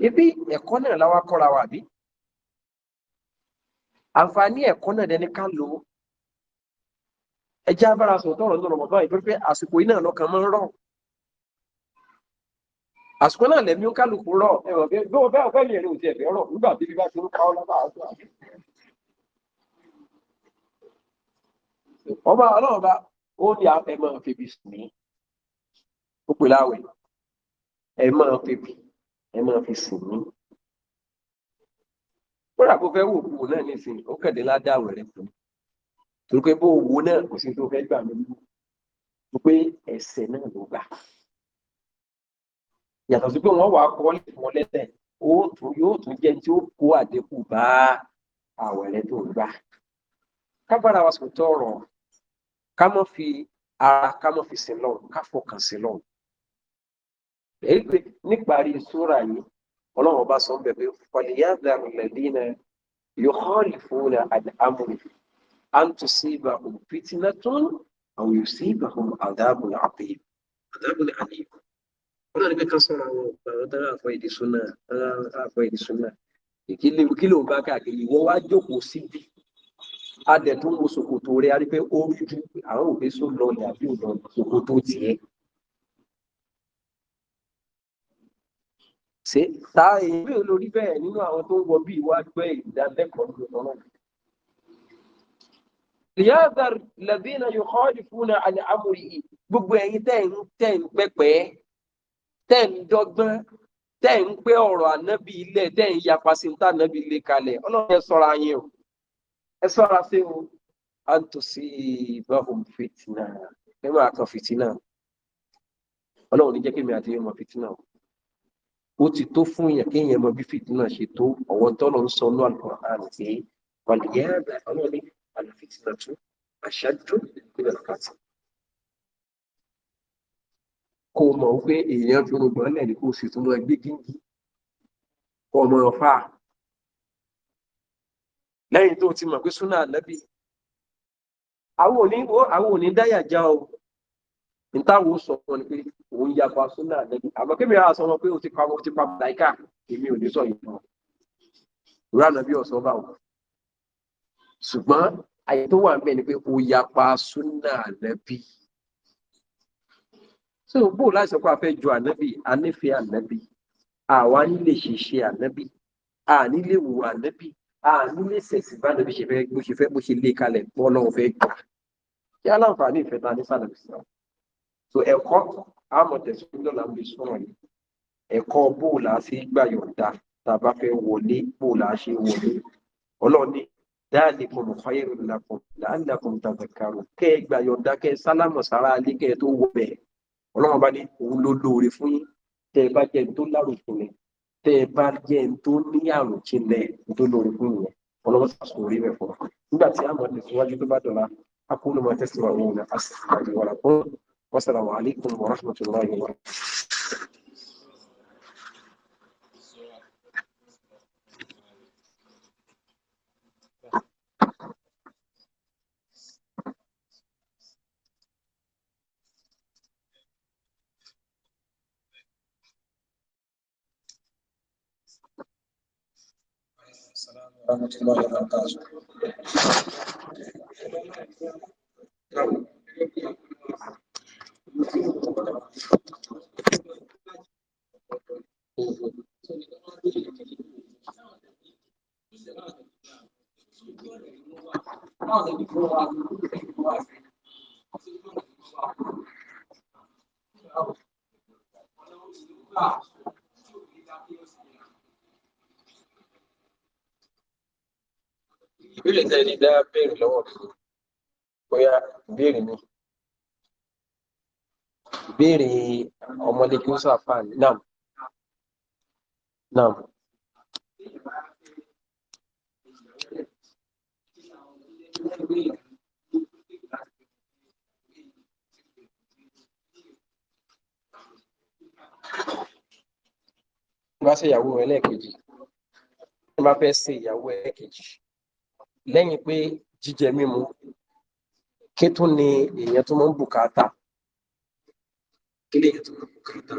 ebi ẹ̀kọ́ náà láwa kọ́ra wa bí àǹfààní ẹ̀kọ́ náà dẹni ká lò ẹjẹ́ abára sọ̀rọ̀ tọ̀rọ̀ ní ọ̀rọ̀ báyìí pé àsìkò iná lọ́kàn máa ń rọ̀ àsìkò náà lẹ́mí ó kálukú rọ̀ ẹ̀rọ bí ó bẹ́ẹ̀ ọ̀fẹ́ mi ẹ̀rọ òtí ẹ̀fẹ́ rọ̀ nígbà tí bíbá ṣe ń pa ọ́ lábà àgbà. ọba ọlọ́run bá ó ní ẹ máa febi sí ó pè láwẹ̀ ẹ máa febi ẹ máa fi sùn mí. kódà kó fẹ́ wò kúrò náà nísìnyí ó kẹ̀dé ládàá wẹ̀rẹ̀ fún mi torí pé bó wo náà kò sí tó fẹ́ gbà mí mú tó pé ẹsẹ̀ náà ló gbà yàtọ̀ sí pé wọ́n wàá kọ́ lẹ́kọ̀ọ́ lẹ́sẹ̀ yóò tún jẹ́ tí ó kó àdínkù bá àwẹ̀rẹ́ tó gbà ká bára wa sòtọ́ ọ̀rọ̀ ká mọ́ fi ara ká mọ́ fi sin lọ́run ká fọkàn sin lọ́run èyí pé níparí súra yìí ọlọ́run ọba sọ ń bẹ̀ pé fọlẹ́yà lẹ́dínà yóò hàn lè fún un àmúlẹ̀. أن تصيبهم فتنة أو يصيبهم عذاب عظيم عذاب أليم wọ́n ní kankan sọ̀rọ̀ àwọn ọ̀tọ́rọ̀ àfọ̀yèdè súnà àfọ̀yèdè súnà ìkílẹ̀ ìkílẹ̀ ò bá káàkiri wọ́n wá jókòó síbi adẹ̀tún wo ṣòkòtò rẹ̀ arí pé ó rí ju àwọn òbí só lọlẹ̀ àbí òlọ ṣòkòtò tiẹ̀. ṣé ta èyí lórí bẹ́ẹ̀ nínú àwọn tó ń wọ bí ìwájú ẹ̀ ìdádẹ́kọ̀ọ́ lọ́nà liyadhar ladhina yukhalifuna an amrihi gbogbo ẹ̀yin tẹ́ ń tẹ́ ń pẹ́pẹ́ tẹ́ ń dọ́gbọ́n tẹ́ ń pé ọ̀rọ̀ ànábì ilẹ̀ tẹ́ ń yapa sí níta ànábì ilé kalẹ̀ ọlọ́run ẹ sọ́ra o ẹ sọ́ra o àtòsí ìbáhùn fìtínà ẹ máa kan fìtínà ọlọ́run ní jẹ́ kí mi àti o ti tó fún yàn kéèyàn mọ bí fìtínà ṣe tó ọ̀wọ́n tọ́lọ̀ ń sọ ní àlùkò àrùn pé a الفتنة أشد من القتل kó o mọ̀ pé èèyàn fi gbogbo ọ̀lẹ́ ní kó o sì tún lọ gbé gíngí ọmọ ọ̀fà lẹ́yìn tó ti mọ̀ pé súnà ànábì àwọn òní wo àwọn òní dáyà já o nítawọ̀ sọ wọn ni pé òun yapa súnà ànábì àmọ́ kébì ara sọ wọn pé o ti pa o ti pa màláìkà èmi ò ní sọ yìí mọ́ ìrànà bí ọ̀sán bá wọn ṣùgbọ́n àyè tó wà níbẹ̀ ni pé o yapa súnà ànábì so bó o láti sọ pé a fẹ́ ju ànábì a nífẹ̀ẹ́ ànábì àwa nílé ṣiṣẹ́ ànábì a nílé wò ànábì a nílé sẹ̀sì bá ànábì ṣe fẹ́ bó ṣe fẹ́ bó ṣe lé kalẹ̀ bọ́ lọ́wọ́ fẹ́ gbà kí aláǹfààní ìfẹ́ ta ní sàlẹ̀ sí wa so ẹ̀kọ́ àmọ̀tẹ̀sọ́n lọ́la ń bi sọ̀rọ̀ yìí ẹ̀kọ́ bó o là á ṣe gbà yọ̀ǹda tá fẹ́ wọlé bó o là ṣe wọlé ọlọ́ọ̀ni dáàlìkùn fáyẹrù làkùn làálàkùn tàbàkàrù kẹ́ ẹ gbà yọ̀ǹda kẹ́ ẹ sálámọ̀ sára alẹ́ kẹ́ ẹ tó wọ bẹ́ẹ̀ ọlọ́run bá ní òun ló lóore fún yín tẹ́ ẹ bá jẹ́ ní tó láròkùn rẹ̀ tẹ́ ẹ bá jẹ́ ní tó ní àrùn jinlẹ̀ tó lóore fún yín ọlọ́run sàṣọ orí rẹ̀ fún nígbà tí a mọ̀ tẹ̀síwájú tó bá dọ̀la a kúrò mọ̀ tẹ̀síwájú wọn ni a sì 大厨。dá béèrè lọ́wọ́ rẹ̀ bóyá béèrè mi béèrè ọmọdé kí ó sàfàní náà náà. Bá ṣe ìyàwó ẹlẹ́ẹ̀kejì, bá fẹ́ ṣe ìyàwó ẹlẹ́ẹ̀kejì lẹ́yìn pé jíjẹ mímu kí tún ni èèyàn tó máa ń bùkátà kí ni èèyàn tó máa ń bùkátà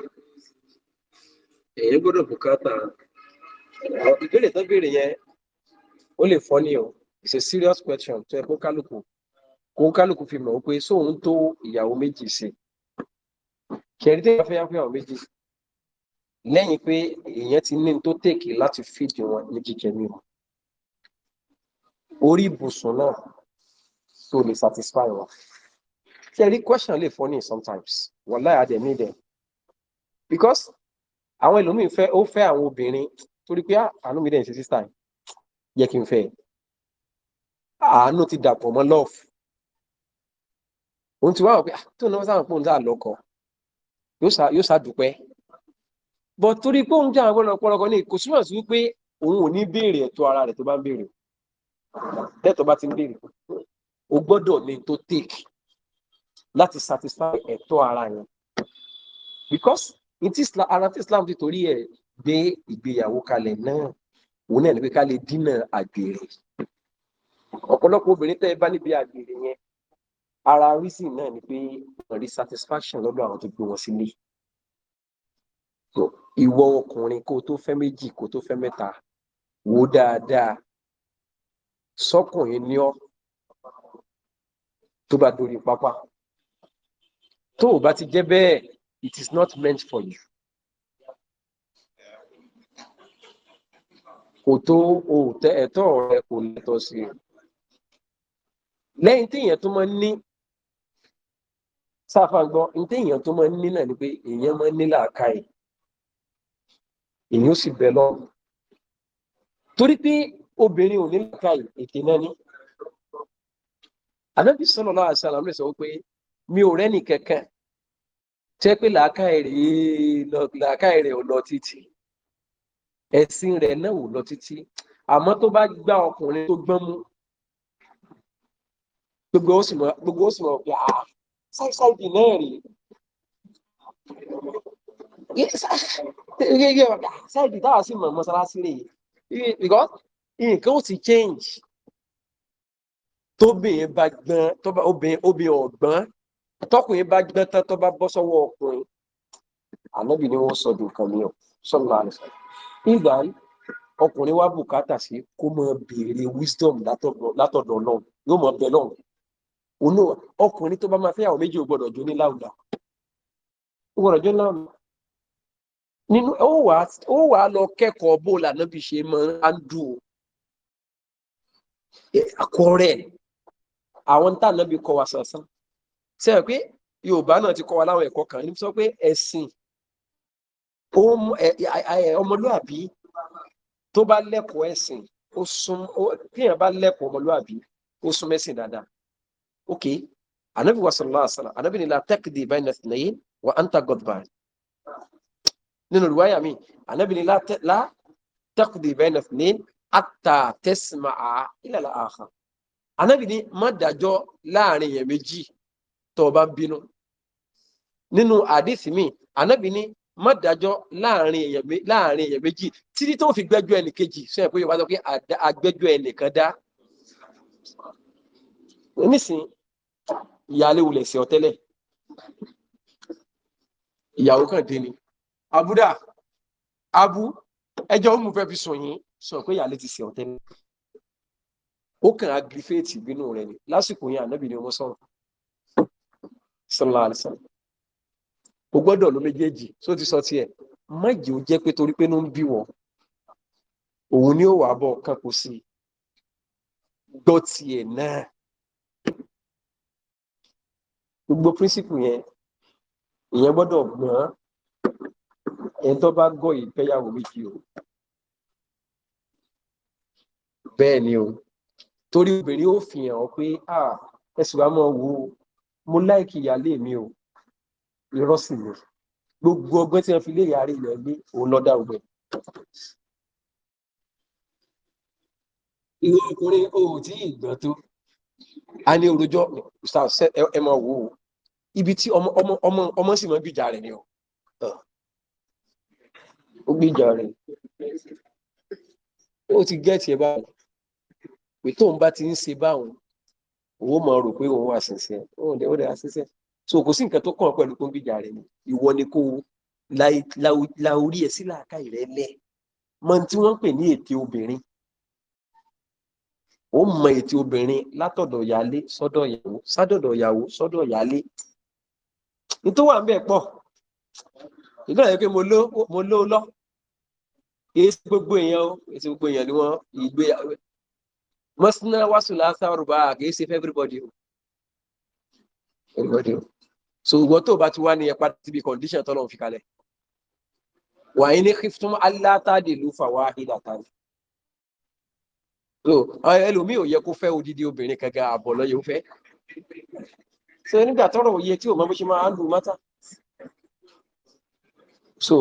èèyàn gbọ́dọ̀ bùkátà ìbéèrè tó béèrè yẹn ó lè fọ́ ni o it's a serious question tó yẹ kó kálukú kó kálukú fi mọ̀ pé sóun tó ìyàwó méjì sí kẹrí tẹ́lẹ̀ fẹ́ fẹ́ àwọn méjì lẹ́yìn pé èèyàn ti ní tó tèkì láti fìdí wọn ní jíjẹ mímu orí ibùsùn náà tó lè satisfy wa ṣe rí question lè fọ́ ní sometimes wàláì àdẹ̀mí dẹ̀ because àwọn ẹlòmíì fẹ́ ó fẹ́ àwọn obìnrin torí pé ah, àánú mi dẹ̀ ń ṣe sísá yẹ kí n fẹ́ àánú ti dàpọ̀ mọ́ love òun ti wá wọ̀ pé ah, tó náà sáwọn pòun dáa lọ́kọ yóò ṣàdúpẹ́ but torí pé òun jẹ́ àwọn ọ̀pọ̀lọpọ̀ ní kò súnmọ̀ sí wípé òun ò ní béèrè ẹ̀tọ́ ara rẹ̀ tó bá ń béèrè dẹ́tọ̀ bá ti ń béèrè o gbọ́dọ̀ ní tó take láti satisfy ẹ̀tọ́ ara yẹn because ara tí Islam ti torí ẹ̀ gbé ìgbéyàwó kalẹ̀ náà òun náà ní pé ká lè dínà àgbèrè ọ̀pọ̀lọpọ̀ obìnrin tẹ́ ẹ bá níbi àgbèrè yẹn ara reason náà ni pé wọ́n rí satisfaction lọ́dọ̀ àwọn tó gbé wọn sílé ìwọ ọkùnrin kó tó fẹ́ méjì kó tó fẹ́ mẹ́ta wò ó dáadáa sọkùnrin ní ọ tó bá dorí pápá tó o bá ti jẹ́ bẹ́ẹ̀ it is not meant for you. kò tó òòtẹ ẹ̀tọ́ rẹ kò lẹ́tọ̀ọ́ sí i lẹ́yìn téèyàn tó máa ń ní sáfà gbọ́ téèyàn tó máa ń ní náà ni pé èèyàn máa ń ní làákàyè èèyàn ó sì bẹ lọ torí pé obìnrin ò ní màkà ètè náà ní. ànábì sọ̀rọ̀ náà àṣà àlàmì sọ pé mi ò rẹ́nì kankan jẹ́ pé làákàyè rẹ̀ ò lọ títí ẹ̀sìn rẹ̀ náà ò lọ títí àmọ́ tó bá gbá ọkùnrin tó gbọ́n mú gbogbo ó sì mọ̀ pé àá ṣáìṣáìdì náà rèé ṣáìdì táwa sì mọ̀ mọ́sálásí rèé because nǹkan ó sì change tóbìnrin bá gbọ́n tọ́ba obìnrin obìnrin ọ̀gbọ́n tọkùnrin bá gbọ́n tán tọ́ba bọ́ sọ́wọ́ ọkùnrin ànábì ni wọ́n sọ nǹkan mi ọ̀ sọ́nà àlùfáà ìgbà ọkùnrin wa bùkátà sí kó máa béèrè wisdom látọ̀dọ̀ Ọlọ́run yóò máa bẹ lọ́run ònà ọkùnrin tó bá máa fẹ́ àwọn méjì ò gbọ́dọ̀ jó ní láwùdà ó gbọ́dọ̀ jó láwùdà nínú ó wàá lọ kẹ́kọ̀ọ́ bó lànà bí ṣe máa ń dùn àkọọ́rẹ́ àwọn tá ànábì kọ́ wa sànsán ṣe é pé yorùbá náà ti kọ́ wa láwọn ẹ̀kọ́ kan ní sọ pé ẹ̀sìn ọmọlúàbí tó bá lẹ́kọ̀ọ́ ẹ̀sìn ó sún kéèyàn bá lẹ́kọ̀ọ́ ọmọlúàbí ó sún mẹ́sìn dáadáa ok anabi wa sallallahu alaihi wa sallam anabi ni la taqdi bayna ithnayn wa anta ghadban nínú ìwáyà mi anabi ni la taqdi bayna ithnayn àtà tẹ̀sìmà á ìlàlà àhà anábì ní má dájọ́ láàrin yẹn méjì tó o bá ń bínú nínú àdìsí mi anábì ní me dájọ́ láàrin èèyàn méjì títí tó fi gbẹ́jọ́ ẹnìkejì sọ pé yorùbá sọ pé agbẹ́jọ́ ẹnìkan dá nísìn ìyáálé wulẹ̀ sí ọtẹ́lẹ̀ ìyàwó kan dé ni abúdá abú ẹjọ́ òun fẹ́ fi sùn yín sọ pé ìyáálé ti ṣe ọ̀tẹ̀ ni ó kàn aggravate ìbínú rẹ̀ ni lásìkò yẹn ànábì ni wọ́n sọ̀rọ̀ sallallahu alaihi o gbọ́dọ̀ ló méjèèjì tó ti sọ tiẹ̀ mọ́jì o jẹ́ pé torí pé ló ń bí wọ́n òun ni ó wà bọ̀ kan kò sí gbọ́ tiẹ̀ náà gbogbo píríncípù yẹn ìyẹn gbọ́dọ̀ gbọ́n ẹni tó bá gọ́ ìfẹ́yàwó méjì o bẹ́ẹ̀ ni o torí obìnrin ó fi hàn ọ́ pé ẹ̀sùn wa máa wo mo láìkí ìyáálé mi o irọ́ sì ni gbogbo ọgbọ́n tí wọ́n fi lé ìyáálé ilẹ̀ gbé òun lọ́dà ọgbẹ́. ìwọ ọkùnrin o ò tí ì gbọ́n tó a ní orojọ́ ẹ máa wò ó ibi tí ọmọ ọmọ ọmọ ọmọ sì máa gbìjà rẹ̀ ni o ó gbìjà rẹ̀ ó ti gẹ́ẹ̀tì ẹ báyìí pé tóun bá ti ń ṣe báwọn òun ó mọ rò pé òun wà ṣẹṣẹ òun dẹ ó dẹ so kò sí nǹkan tó kàn pẹ̀lú pé ń gbìjà rẹ ni ìwọ ni kó la orí ẹ sí làákàyè rẹ lẹ mọ tí wọ́n pè ní ète obìnrin ó mọ ète obìnrin látọ̀dọ̀ ìyálé sọ́dọ̀ ìyàwó sádọ̀dọ̀ ìyàwó sọ́dọ̀ ìyálé nítorí wà ń bẹ pọ̀ ìgbà yẹn pé mo ló lọ èyí sí gbogbo èèyàn o èyí sí gbogbo èèyàn ni wọ́n ìgbé masna wàsùlá sáwọ́rù bá kì í ṣe fẹ́ everybody o everybody o so ìwọ tó bá ti wá ní ẹ̀pá síbi condition tọ́lọ́ fi kalẹ̀ wà ní ní kíftún alátàdé ló fà wá ìdá tán so ẹlòmíì ò yẹ kó fẹ́ odidi obìnrin kankan àbọ̀ lọ́yẹ̀ ó fẹ́ so nígbà tọ́rọ̀ òye tí ò mọ́ bó ṣe máa ń lu mátà so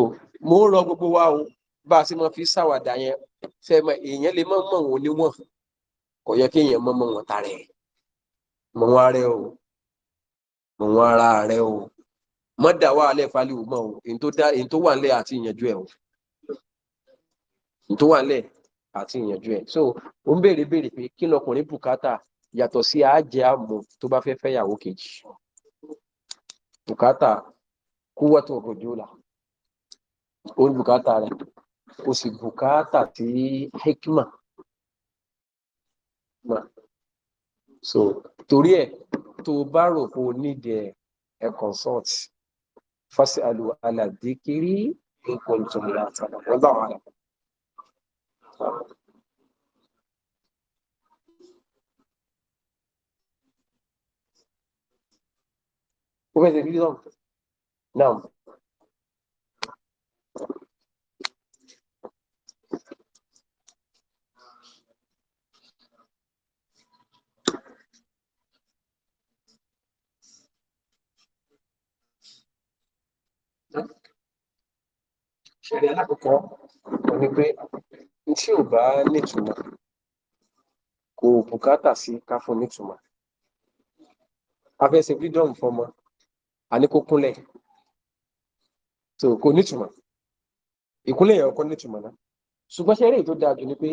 mo ń rọ gbogbo wa o bá a ṣe máa fi sáwàdà yẹn fẹ́ mọ èèyàn lè mọ̀ mọ̀ òun níwọ̀n kò yẹ kéèyàn mọ́ mọ́ wọn ta rẹ̀ mọ́ wọn rẹ̀ o mọ́ wọn ara rẹ̀ o mọ́ dà wà lẹ́ faliwu mọ́ o èyí tó wà lẹ́ àti ìyànjú ẹ̀ o èyí tó wà lẹ́ àti ìyànjú ẹ̀ so ó ń béèrè béèrè pé kí lọkùnrin bùkátà yàtọ̀ sí àájẹ àmọ́ tó bá fẹ́ fẹ́yàwó kejì bùkátà kúwọ́tò òjò là ó ń bùkátà rẹ̀ kò sì bùkátà tí hekima mọ̀ so torí ẹ̀ tó o bá rò pé o nídìí ẹ̀ ẹ̀ consult fásitì alu aládékiri nǹkan tó ń lọ àtàlà wọ́n bá wà rẹ̀. Vous pouvez dire, non. ṣẹlẹ̀ alákọ̀ọ́kọ́ kò ní pé tí ò bá nítumọ̀ kò bùkátà sí ká fún nítumọ̀ afẹ́sẹ̀ freedom fọmọ àníkókúnlẹ̀ so kò nítumọ̀ ìkúnlẹ̀ yẹn ọkọ nítumọ̀ náà ṣùgbọ́n ṣe eré tó dáa jù ni pé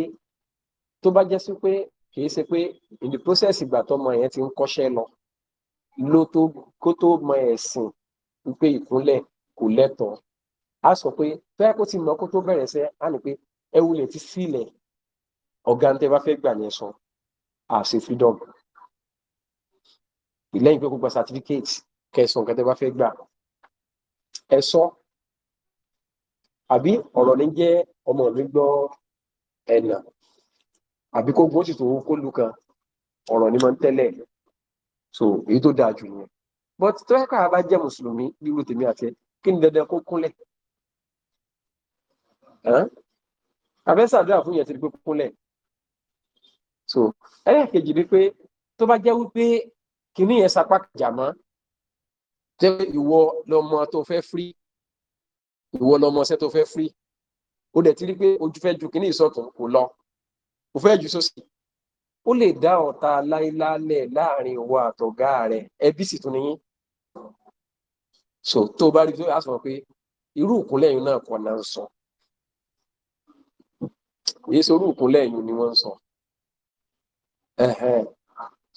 tó bá jẹ́ sí pé kìí ṣe pé in the process ìgbà tọmọ yẹn ti ń kọ́ṣẹ́ lọ ló tó kó tó mọ ẹ̀sìn wípé ìkúnlẹ̀ kò lẹ́tọ̀ọ́ a sọ pé fẹ́ kó ti mọ̀ kó tó bẹ̀rẹ̀ sẹ́ á ní pé ẹ wulẹ̀ ti sílẹ̀ ọ̀gá ń tẹ́ bá fẹ́ gbà ní ẹ̀sán àṣẹ freedom lẹ́yìn pé kó gba certificate kẹsàn nǹkan bá fẹ́ gbà ẹ àbí ọ̀rọ̀ ní jẹ́ ọmọ mi gbọ́ ẹ̀nà àbí kó gbó sì tó kó lu kan ọ̀rọ̀ ní máa ń tẹ́lẹ̀ so èyí tó dáa jù nìyẹn but tẹ́lẹ̀kọ́ àbá jẹ́ mùsùlùmí irú tèmi àti ẹ kí ni dandan kó kúnlẹ̀ abẹ́sàdúrà fún yẹn ti gbé kúnlẹ̀ so ẹlẹ́ẹ̀kejì ni pé tó bá jẹ́ wípé kìíní yẹn sapá kàjà mọ́ jẹ́ ìwọ lọmọ tó fẹ́ free ìwọ lọmọ ṣẹ́ tó fẹ́ free ó dẹ̀ ti rí pé ojú fẹ́ ju kìíní ìsọ̀tún kò lọ kò fẹ́ ju sósì ó lè dá ọ̀tá láíláálẹ̀ láàrin ìwọ àtọ̀gá rẹ̀ ẹbí sì tún nìyí so tó bá rí tó yà sọ pé irú ìkúnlẹ̀ yìí náà kọ̀ náà sọ kìí sorú ìkúnlẹ̀ yìí ni wọ́n ń sọ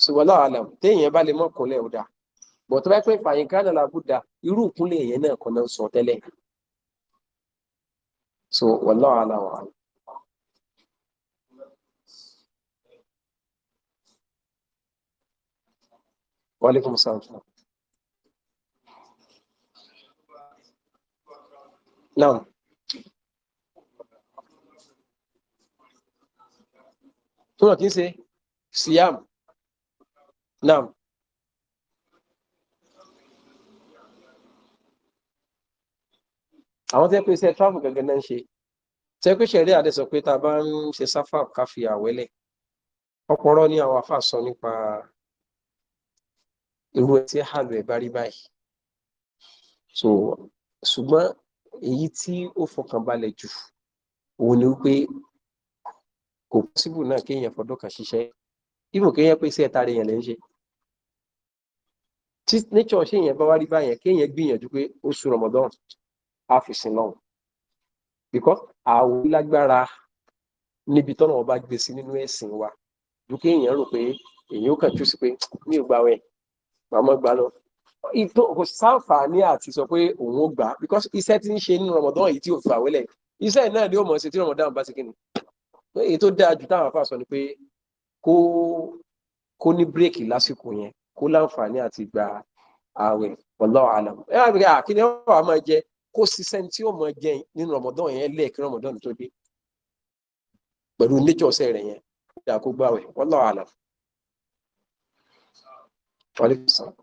ṣùgbọ́n àlàm téèyàn bá lè mọ́ ìkúnlẹ̀ ó dáa bọ̀ tó bá pẹ́ fàyín kánà làbúdà irú ìkúnlẹ̀ yẹn náà kan náà sọ tẹ́lẹ̀ so wallahu a'lam wa alaikum assalam Naam. tó náà kí ń ṣe siam nam àwọn tẹ́ pé iṣẹ́ travel gẹ́gẹ́ náà ń ṣe tẹ́ pé ṣẹ̀rí àdé sọ pé ta bá ń ṣe sáfà ká fi àwẹ́lẹ̀ ọpọlọ ní àwọn afá sọ nípa irú ẹ̀ tí hàlù ẹ̀ bá rí báyìí so ṣùgbọ́n èyí tí ó fọkànbalẹ̀ jù òun ni wípé kò pọ́síbù náà kéèyàn fọdún kan ṣiṣẹ́ ibùn kéèyàn pé iṣẹ́ ẹ̀ta rẹ̀ yẹn lè ń ṣe tí nature ṣe yẹn bá wá rí báyẹn kéèyàn gbìyànjú pé oṣù Ramadan á fi sin lọ́hùn because àwọ̀ lágbára níbi tọ́nà ọba gbé sí nínú ẹ̀sìn wa ju kéèyàn rò pé èyí ó kàn tú sí pé mi ò gbà wẹ̀ màmá gbà lọ ìtò kò sáǹfààní àti sọ pé òun ó gbà because iṣẹ́ tí ń ṣe nínú Ramadan yìí tí ò fà wẹ́lẹ̀ iṣẹ́ náà ni ó mọ̀ ṣe tí Ramadan bá ṣe kí ni pé èyí tó dáa jù táwọn afa sọ ni pé kó kó ní bírèkì lásìkò yẹn kó láǹfààní àti gba ààwẹ̀ wallahu alam ẹ wá bí kí ni wọn wà máa jẹ kó ṣiṣẹ́ tí ó máa jẹ nínú Ramadan yẹn lẹ́ẹ̀kí Ramadan tó dé pẹ̀lú nature ọ̀sẹ̀ rẹ̀ yẹn kó gbààwẹ̀ wallahu alam. Wa alaikum salaam.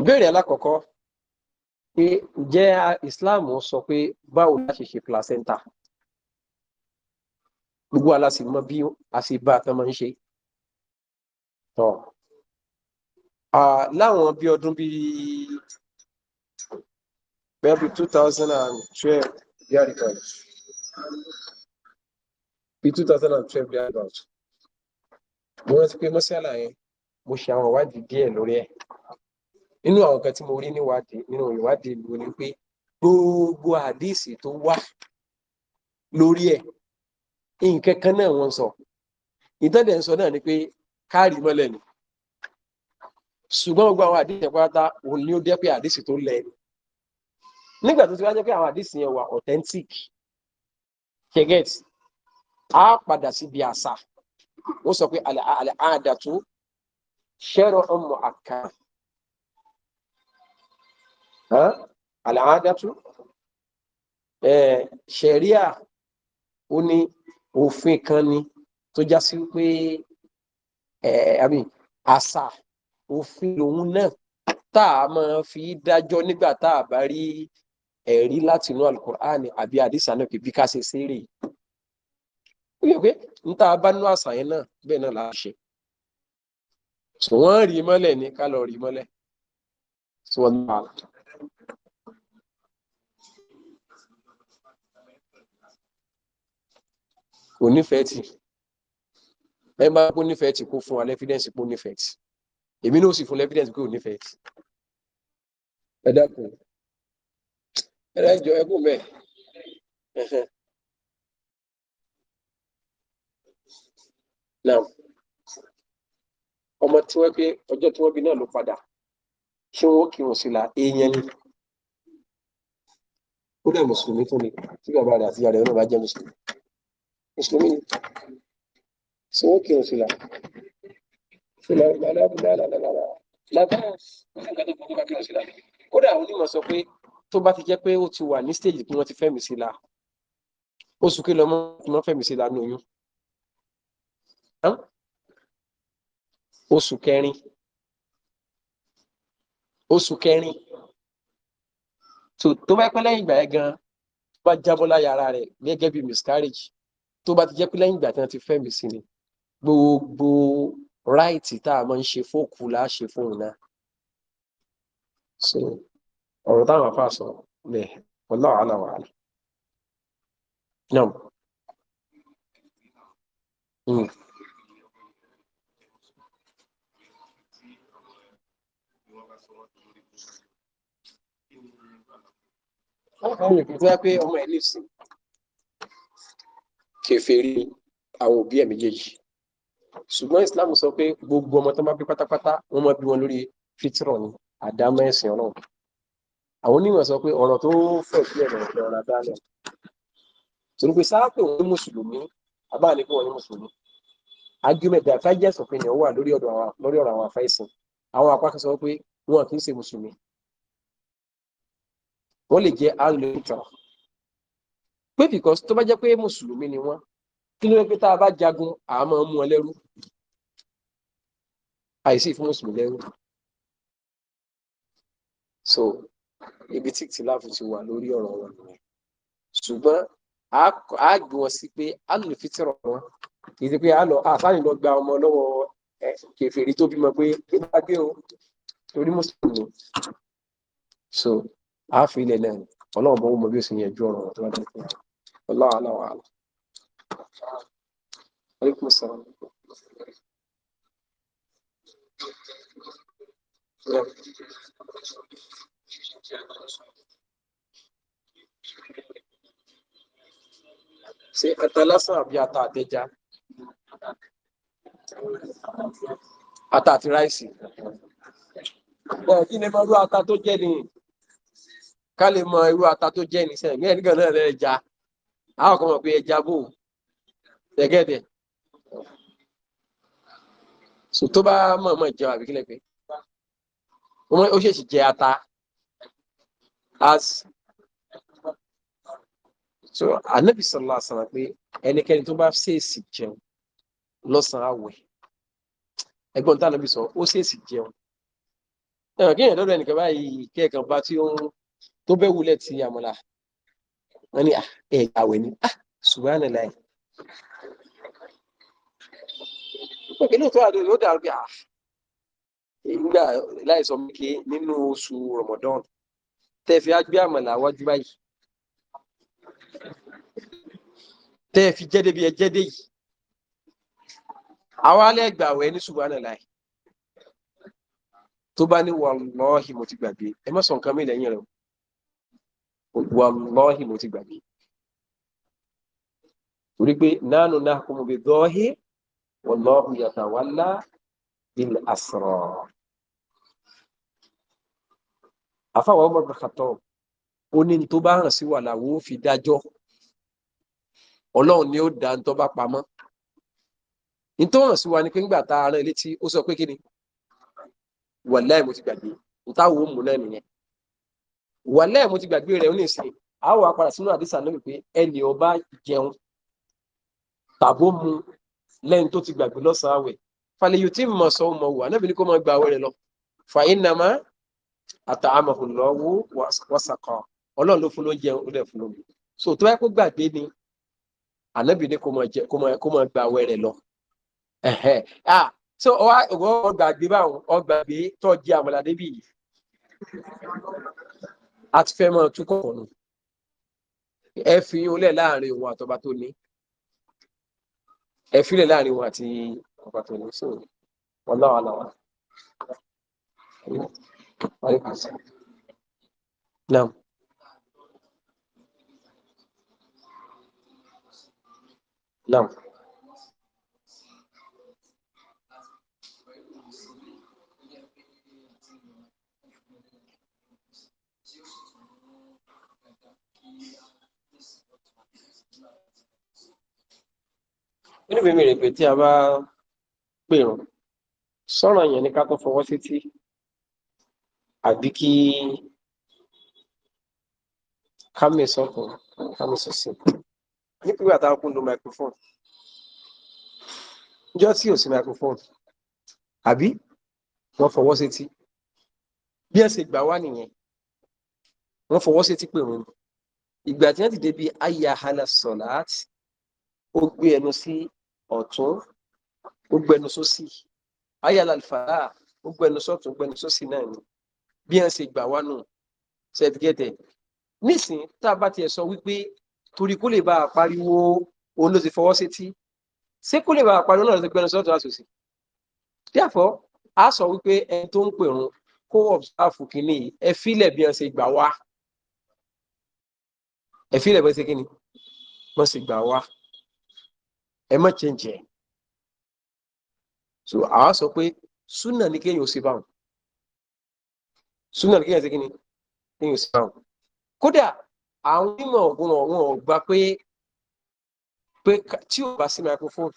ìbéèrè alákọ̀ọ́kọ́ pé ǹjẹ́ Islam sọ pé báwo la ṣe ṣe placenta gbogbo aláṣẹ mọ bí a ṣe bá a tán máa ń ṣe tọ́ láwọn bí ọdún bíi bẹ́ẹ̀ bíi two thousand and twelve bíi two thousand and twelve bí àríkọ̀ọ́ mo rántí pé mọ́sálà yẹn mo ṣe àwọn ìwádìí díẹ̀ lórí ẹ̀. nínú àwọn nǹkan tí mo rí níwádìí nínú ìwádìí ìlú ni pé gbogbo àdíìsì tó wà lórí ẹ̀ nǹkan kan náà wọ́n sọ ìtọ́dẹ̀ ń náà ni pé káàrí mọ́lẹ̀ ni ṣùgbọ́n gbogbo àwọn àdíìsì yẹn pátá òun ni ó dẹ́ pé àdíìsì tó lẹ̀ ni nígbà tó ti wá jẹ́ pé àwọn àdíìsì yẹn wà authentic kẹgẹt á padà síbi àṣà wọ́n sọ pé àlẹ́ àdàtú ṣẹ́rọ̀ ọmọ àkàrà àlàádátú ṣẹ̀ríà ó ní òfin kan ni tó já sí pé àṣà òfin òun náà tá a máa fi dájọ́ nígbà tá a bá rí ẹ̀rí láti inú alukur'ani àbí àdìsá náà bí ká ṣe ṣeré ó yẹ pé n tá bá nú àṣà yẹn náà bẹ́ẹ̀ náà là ṣe wọ́n rí mọ́lẹ̀ ní ká lọ rí mọ́lẹ̀ tí wọ́n ń bá a kò nífẹ̀ẹ́ tì ẹ bá kó nífẹ̀ẹ́ tì kó fún wa lẹ́fídẹ́ǹsì kó nífẹ̀ẹ́ tì èmi náà sì fún lẹ́fídẹ́ǹsì kó nífẹ̀ẹ́ tì ẹ dákun ẹ dájọ ẹ kú now ọmọ tí wọ́n pé ọjọ́ tí wọ́n bí náà ló padà ṣé wọ́n kírun sí la èèyàn ni ó dẹ̀ mùsùlùmí tó ni tí bàbá rẹ̀ àti ìyá rẹ̀ náà bá jẹ́ mùsùlùmí mùsùlùmí ni tí wọ́n kírun fìlà fìlà lálàlálàlà lábáàs wọ́n sì ń gbàdúgbò kó bá kírun fìlà kódà àwọn onímọ̀ sọ pé tó bá ti jẹ́ pé ó ti wà ní stéèjì pé wọ́n ti fẹ́mi sí la oṣù kí lọ́mọ tí wọ́n fẹ́mi sí la ní oyún oṣù kẹrin oṣù kẹrin tó bá pẹ́ lẹ́yìn ìgbà yẹn gan-an tó bá jábọ́ láyà ara rẹ̀ gẹ́gẹ́ bí miscarriage tó bá ti jẹ́ pé lẹ́yìn ìgbà tí wọ́n ti fẹ́mi sí ni gbogbo ráìtì tá a máa ń ṣe fóòkù là á ṣe fóun náà so ọ̀rọ̀ táwọn afá sọ lẹ̀ wallahu ala wa ala náà. Mm. Àwọn olùkọ́ tó wá pé ọmọ ẹ̀ lè sìn kèfèrí àwọn òbí ẹ̀ méjèèjì ṣùgbọ́n Islam sọ pé gbogbo ọmọ tó bá bí pátápátá wọ́n máa bí wọn lórí fitrọ ni àdámọ́ ẹ̀sìn Ọlọ́run àwọn onímọ̀ sọ pé ọ̀rọ̀ tó fẹ̀ bí ẹ̀rọ ọ̀rọ̀ ọ̀rọ̀ dálẹ̀ torí pé sáà pé òun ní mùsùlùmí àbáà ní pé wọ́n ní mùsùlùmí argument that I just opinion wà lórí ọ̀dọ̀ àwọn ọ̀rọ̀ àwọn àfẹ́sìn àwọn apá kan sọ pé wọn kì í ṣe mùsùlùmí wọ́n lè jẹ́ alùpùpù pé because tó bá jẹ́ pé mùsùlùmí ni wọ́n kí ló pé tá a bá jagun a máa mú wọn lẹ́rú àìsí fún mùsùlùmí lẹ́rú so ibi tí tìláàfù ti wà lórí ọ̀rọ̀ wọn nìyẹn ṣùgbọ́n a gbé wọn sí pé a lè fi tìrọ̀ wọn kì í ṣe pé a lọ àṣàyàn lọ gba ọmọ lọ́wọ́ kèfèrí tó bímọ pé kí ló bá gbé o torí mùsùlùmí so a fi ilẹ̀ náà ọlọ́run bọ́ wọ́n bí ó sì yẹn ju ọ̀rọ̀ wọn tó bá dé والله أعلم وأعلم عليكم السلام ṣé ẹ̀tẹ̀ lásán àbí ata àtẹja ata àti ráìsì bọ̀ kí ni mo rú ata tó jẹ́ ni ká lè mọ irú ata tó jẹ́ ni sẹ́yìn bí ẹnìkan náà lẹ́ẹ̀ja a kò mọ̀ pé ẹja bò tẹ̀gẹ́dẹ̀ so tó bá mọ̀ọ́mọ̀ jẹun àbí kílẹ̀ pé ó ṣèṣì jẹ ata as so anabi sọlá sọlá pé ẹnikẹ́ni tó bá ṣèṣì jẹun lọ́sàn-án àwẹ̀ ẹgbọ́n tí anabi sọ ó ṣèṣì jẹun ẹ̀rọ kí èèyàn lọ́dọ̀ ẹnìkan wọ́n ní ah, ẹ̀yàwó ni ṣùgbọ́n àlẹ́ òkè lóòótọ́ àdó ló dàrú pé ìgbà ah, láìsọ méke nínú oṣù Ramadan tẹ́ẹ̀fì á gbé àmàlà wájú báyìí tẹ́ẹ̀fì jẹ́dẹ́ bí ẹ jẹ́dẹ́ yìí àwọn alẹ́ gbàwẹ̀ ní subhanallah tó bá ní wallahi mo ti gbàgbé ẹ má sọ nǹkan mi lẹ́yìn rẹ̀ wàlọ́hì mo ti gbàgbé torí pé nánú náà kò mọ̀ bí dọ́hì wàlọ́hù yàtà wàlá bil asrar àfàwọn ọmọ bàkàtọ ó ní tó bá hàn sí wàhálà wo fi dájọ́ Ọlọ́run ni ó dá ń tó bá pamọ́ ní tó hàn sí wa ni pé ńgbà tá a rán e létí ó sọ pé kí ni wàláì mo ti gbàgbé ń táwọn ò mú náà nìyẹn wàlẹ́ mo ti gbàgbé rẹ̀ ó lè sìn á wà padà sínú àdìsá náà wípé ẹnì ọba jẹun tàbó mu lẹ́yìn tó ti gbàgbé lọ́sàn-án àwẹ̀ falẹ̀ yóò tí mọ̀ sọ ọmọ wò ànábì ní kó máa gba àwẹ̀ rẹ̀ lọ fàyín nàmá àtàmọ̀hùn lọ́wọ́ wọ́sàkọ̀ ọlọ́run ló fún ló jẹun ó dẹ̀ fún lómi so tó bá kó gbàgbé ni ànábì ní kó máa gba àwẹ̀ rẹ̀ lọ so ọgbàgbé báwọn ọgbàgbé tó jẹ àmàlà yìí a ti fẹ́ máa tún kọ̀ọ̀kan nù ẹ fi yín olẹ̀ láàrin òun àtọba tó ní ẹ filẹ̀ láàrin òun àti ọba tó ní so wallahu alam. Naam. Naam. oníbèé mi rè pé tí a bá pèrún sọ̀rọ̀ yẹn ní ká tó fọwọ́ sétí àbí kí kámi sọ̀tún kámi sọ̀sìn nípìnlẹ̀ àtàwọn kún lo microphone níjọ́ tí ò sí microphone àbí wọ́n fọwọ́ sétí bí ẹ ṣe gbà wá nìyẹn wọ́n fọwọ́ sétí pé òun ìgbà tí wọ́n ti débi ayahana sọ̀láàtì ó gbé ẹnu sí ọ̀tún ó gbẹnu sósì ayala alifara ó gbẹnu sọ́tún gbẹnu sósì náà ni bí wọ́n ṣe gbà wá nù ṣẹ́tìgẹ́tẹ̀ nísìn tá a bá tiẹ̀ sọ wípé torí kó lè bá a pariwo òun ló ti fọwọ́ sétí ṣé kó lè bá a pariwo náà ló ti gbẹnu sọ́tún àṣòsì díàfọ́ a sọ wípé ẹni tó ń pèrun kó ọ̀bùsáàfù kìíní ẹ fílẹ̀ bí wọ́n ṣe gbà wá ẹ fílẹ̀ bí wọ́n ṣe kìíní wọ́n ṣe gbà wá ẹ má chẹ́ǹchẹ́ so àwa sọ pé súnà ní kéèyàn ó sì báwọn súnà ní kéèyàn sí kí ni kéèyàn ó sì báwọn kódà àwọn onímọ̀ ọ̀gbọ́n wọn ò gbà pé pé tí ò bá sí microphone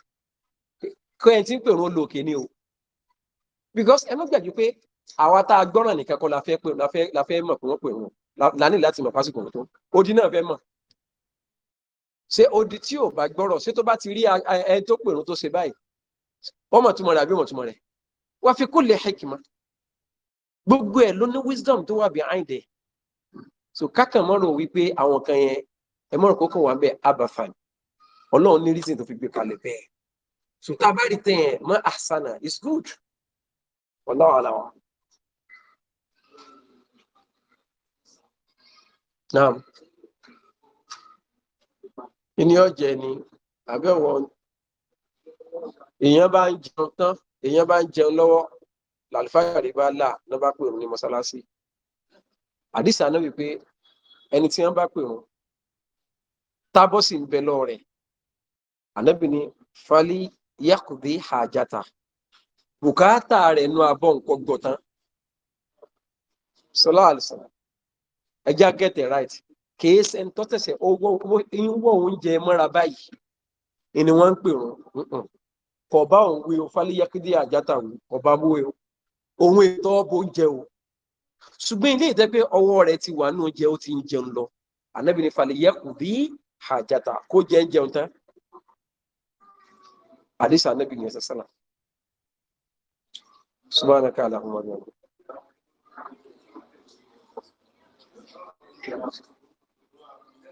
kó ẹni tí ń pèrún olóòkè ni o because ẹ má gbàgbé pé àwa tá a gbọ́ràn nìkan kọ́ la fẹ́ mọ̀ pé wọ́n pèrún lánìí láti mọ̀ pásítọ̀ tó odi náà fẹ́ mọ̀ ṣé odi tí ò bá gbọ́rọ̀ ṣé tó bá ti rí ẹ tó pèrún tó ṣe báyìí wọ́n mọ̀ túmọ̀ rẹ̀ àbí mọ̀ túmọ̀ rẹ̀ wá fi kó lè hekima gbogbo ẹ̀ ló ní wisdom tó wà behind ẹ̀ so kákan mọ́rọ̀ wípé àwọn kan yẹn ẹ mọ́rọ̀ kókò wà ń bẹ̀ abafan ọlọ́run ní reason tó fi gbé kalẹ̀ bẹ́ẹ̀ so tá a bá rí tẹ̀ yẹn mọ́ asana is good wallahu alam. Naam kíní ọ̀jẹ̀ ni àbẹ̀wọ̀ èèyàn bá ń jẹun tán èèyàn bá ń jẹun lọ́wọ́ làlùfáàrí bá là lọ́ bá pè òun ní mọ́sálásí àdìsá náà wípé ẹni tí wọ́n bá pè òun sì ń bẹ lọ́ọ́ rẹ̀ ànábì fali yakudi hajata bùkátà rẹ̀ nu abọ́ nǹkan gbọ̀tán sọlá àlùsàn ẹjá get it right kìí ṣẹni tó tẹ̀sẹ̀ ń wọ̀ oúnjẹ mọ́ra báyìí ni wọ́n ń pè rún kọ̀ọ̀bá òun wí o fálíyákídé àjátà òun ọba mú o òun ètò ọbọ oúnjẹ o ṣùgbọ́n ilé ìtẹ́ pé ọwọ́ rẹ̀ ti wà nínú oúnjẹ ó ti ń jẹun lọ ànábì ní fàlìyẹ́kù bí àjàtà kó jẹ ń jẹun tán àdìsá ànábì ní ẹ̀sẹ̀ sálà subhanaka allahumma wa bihamdika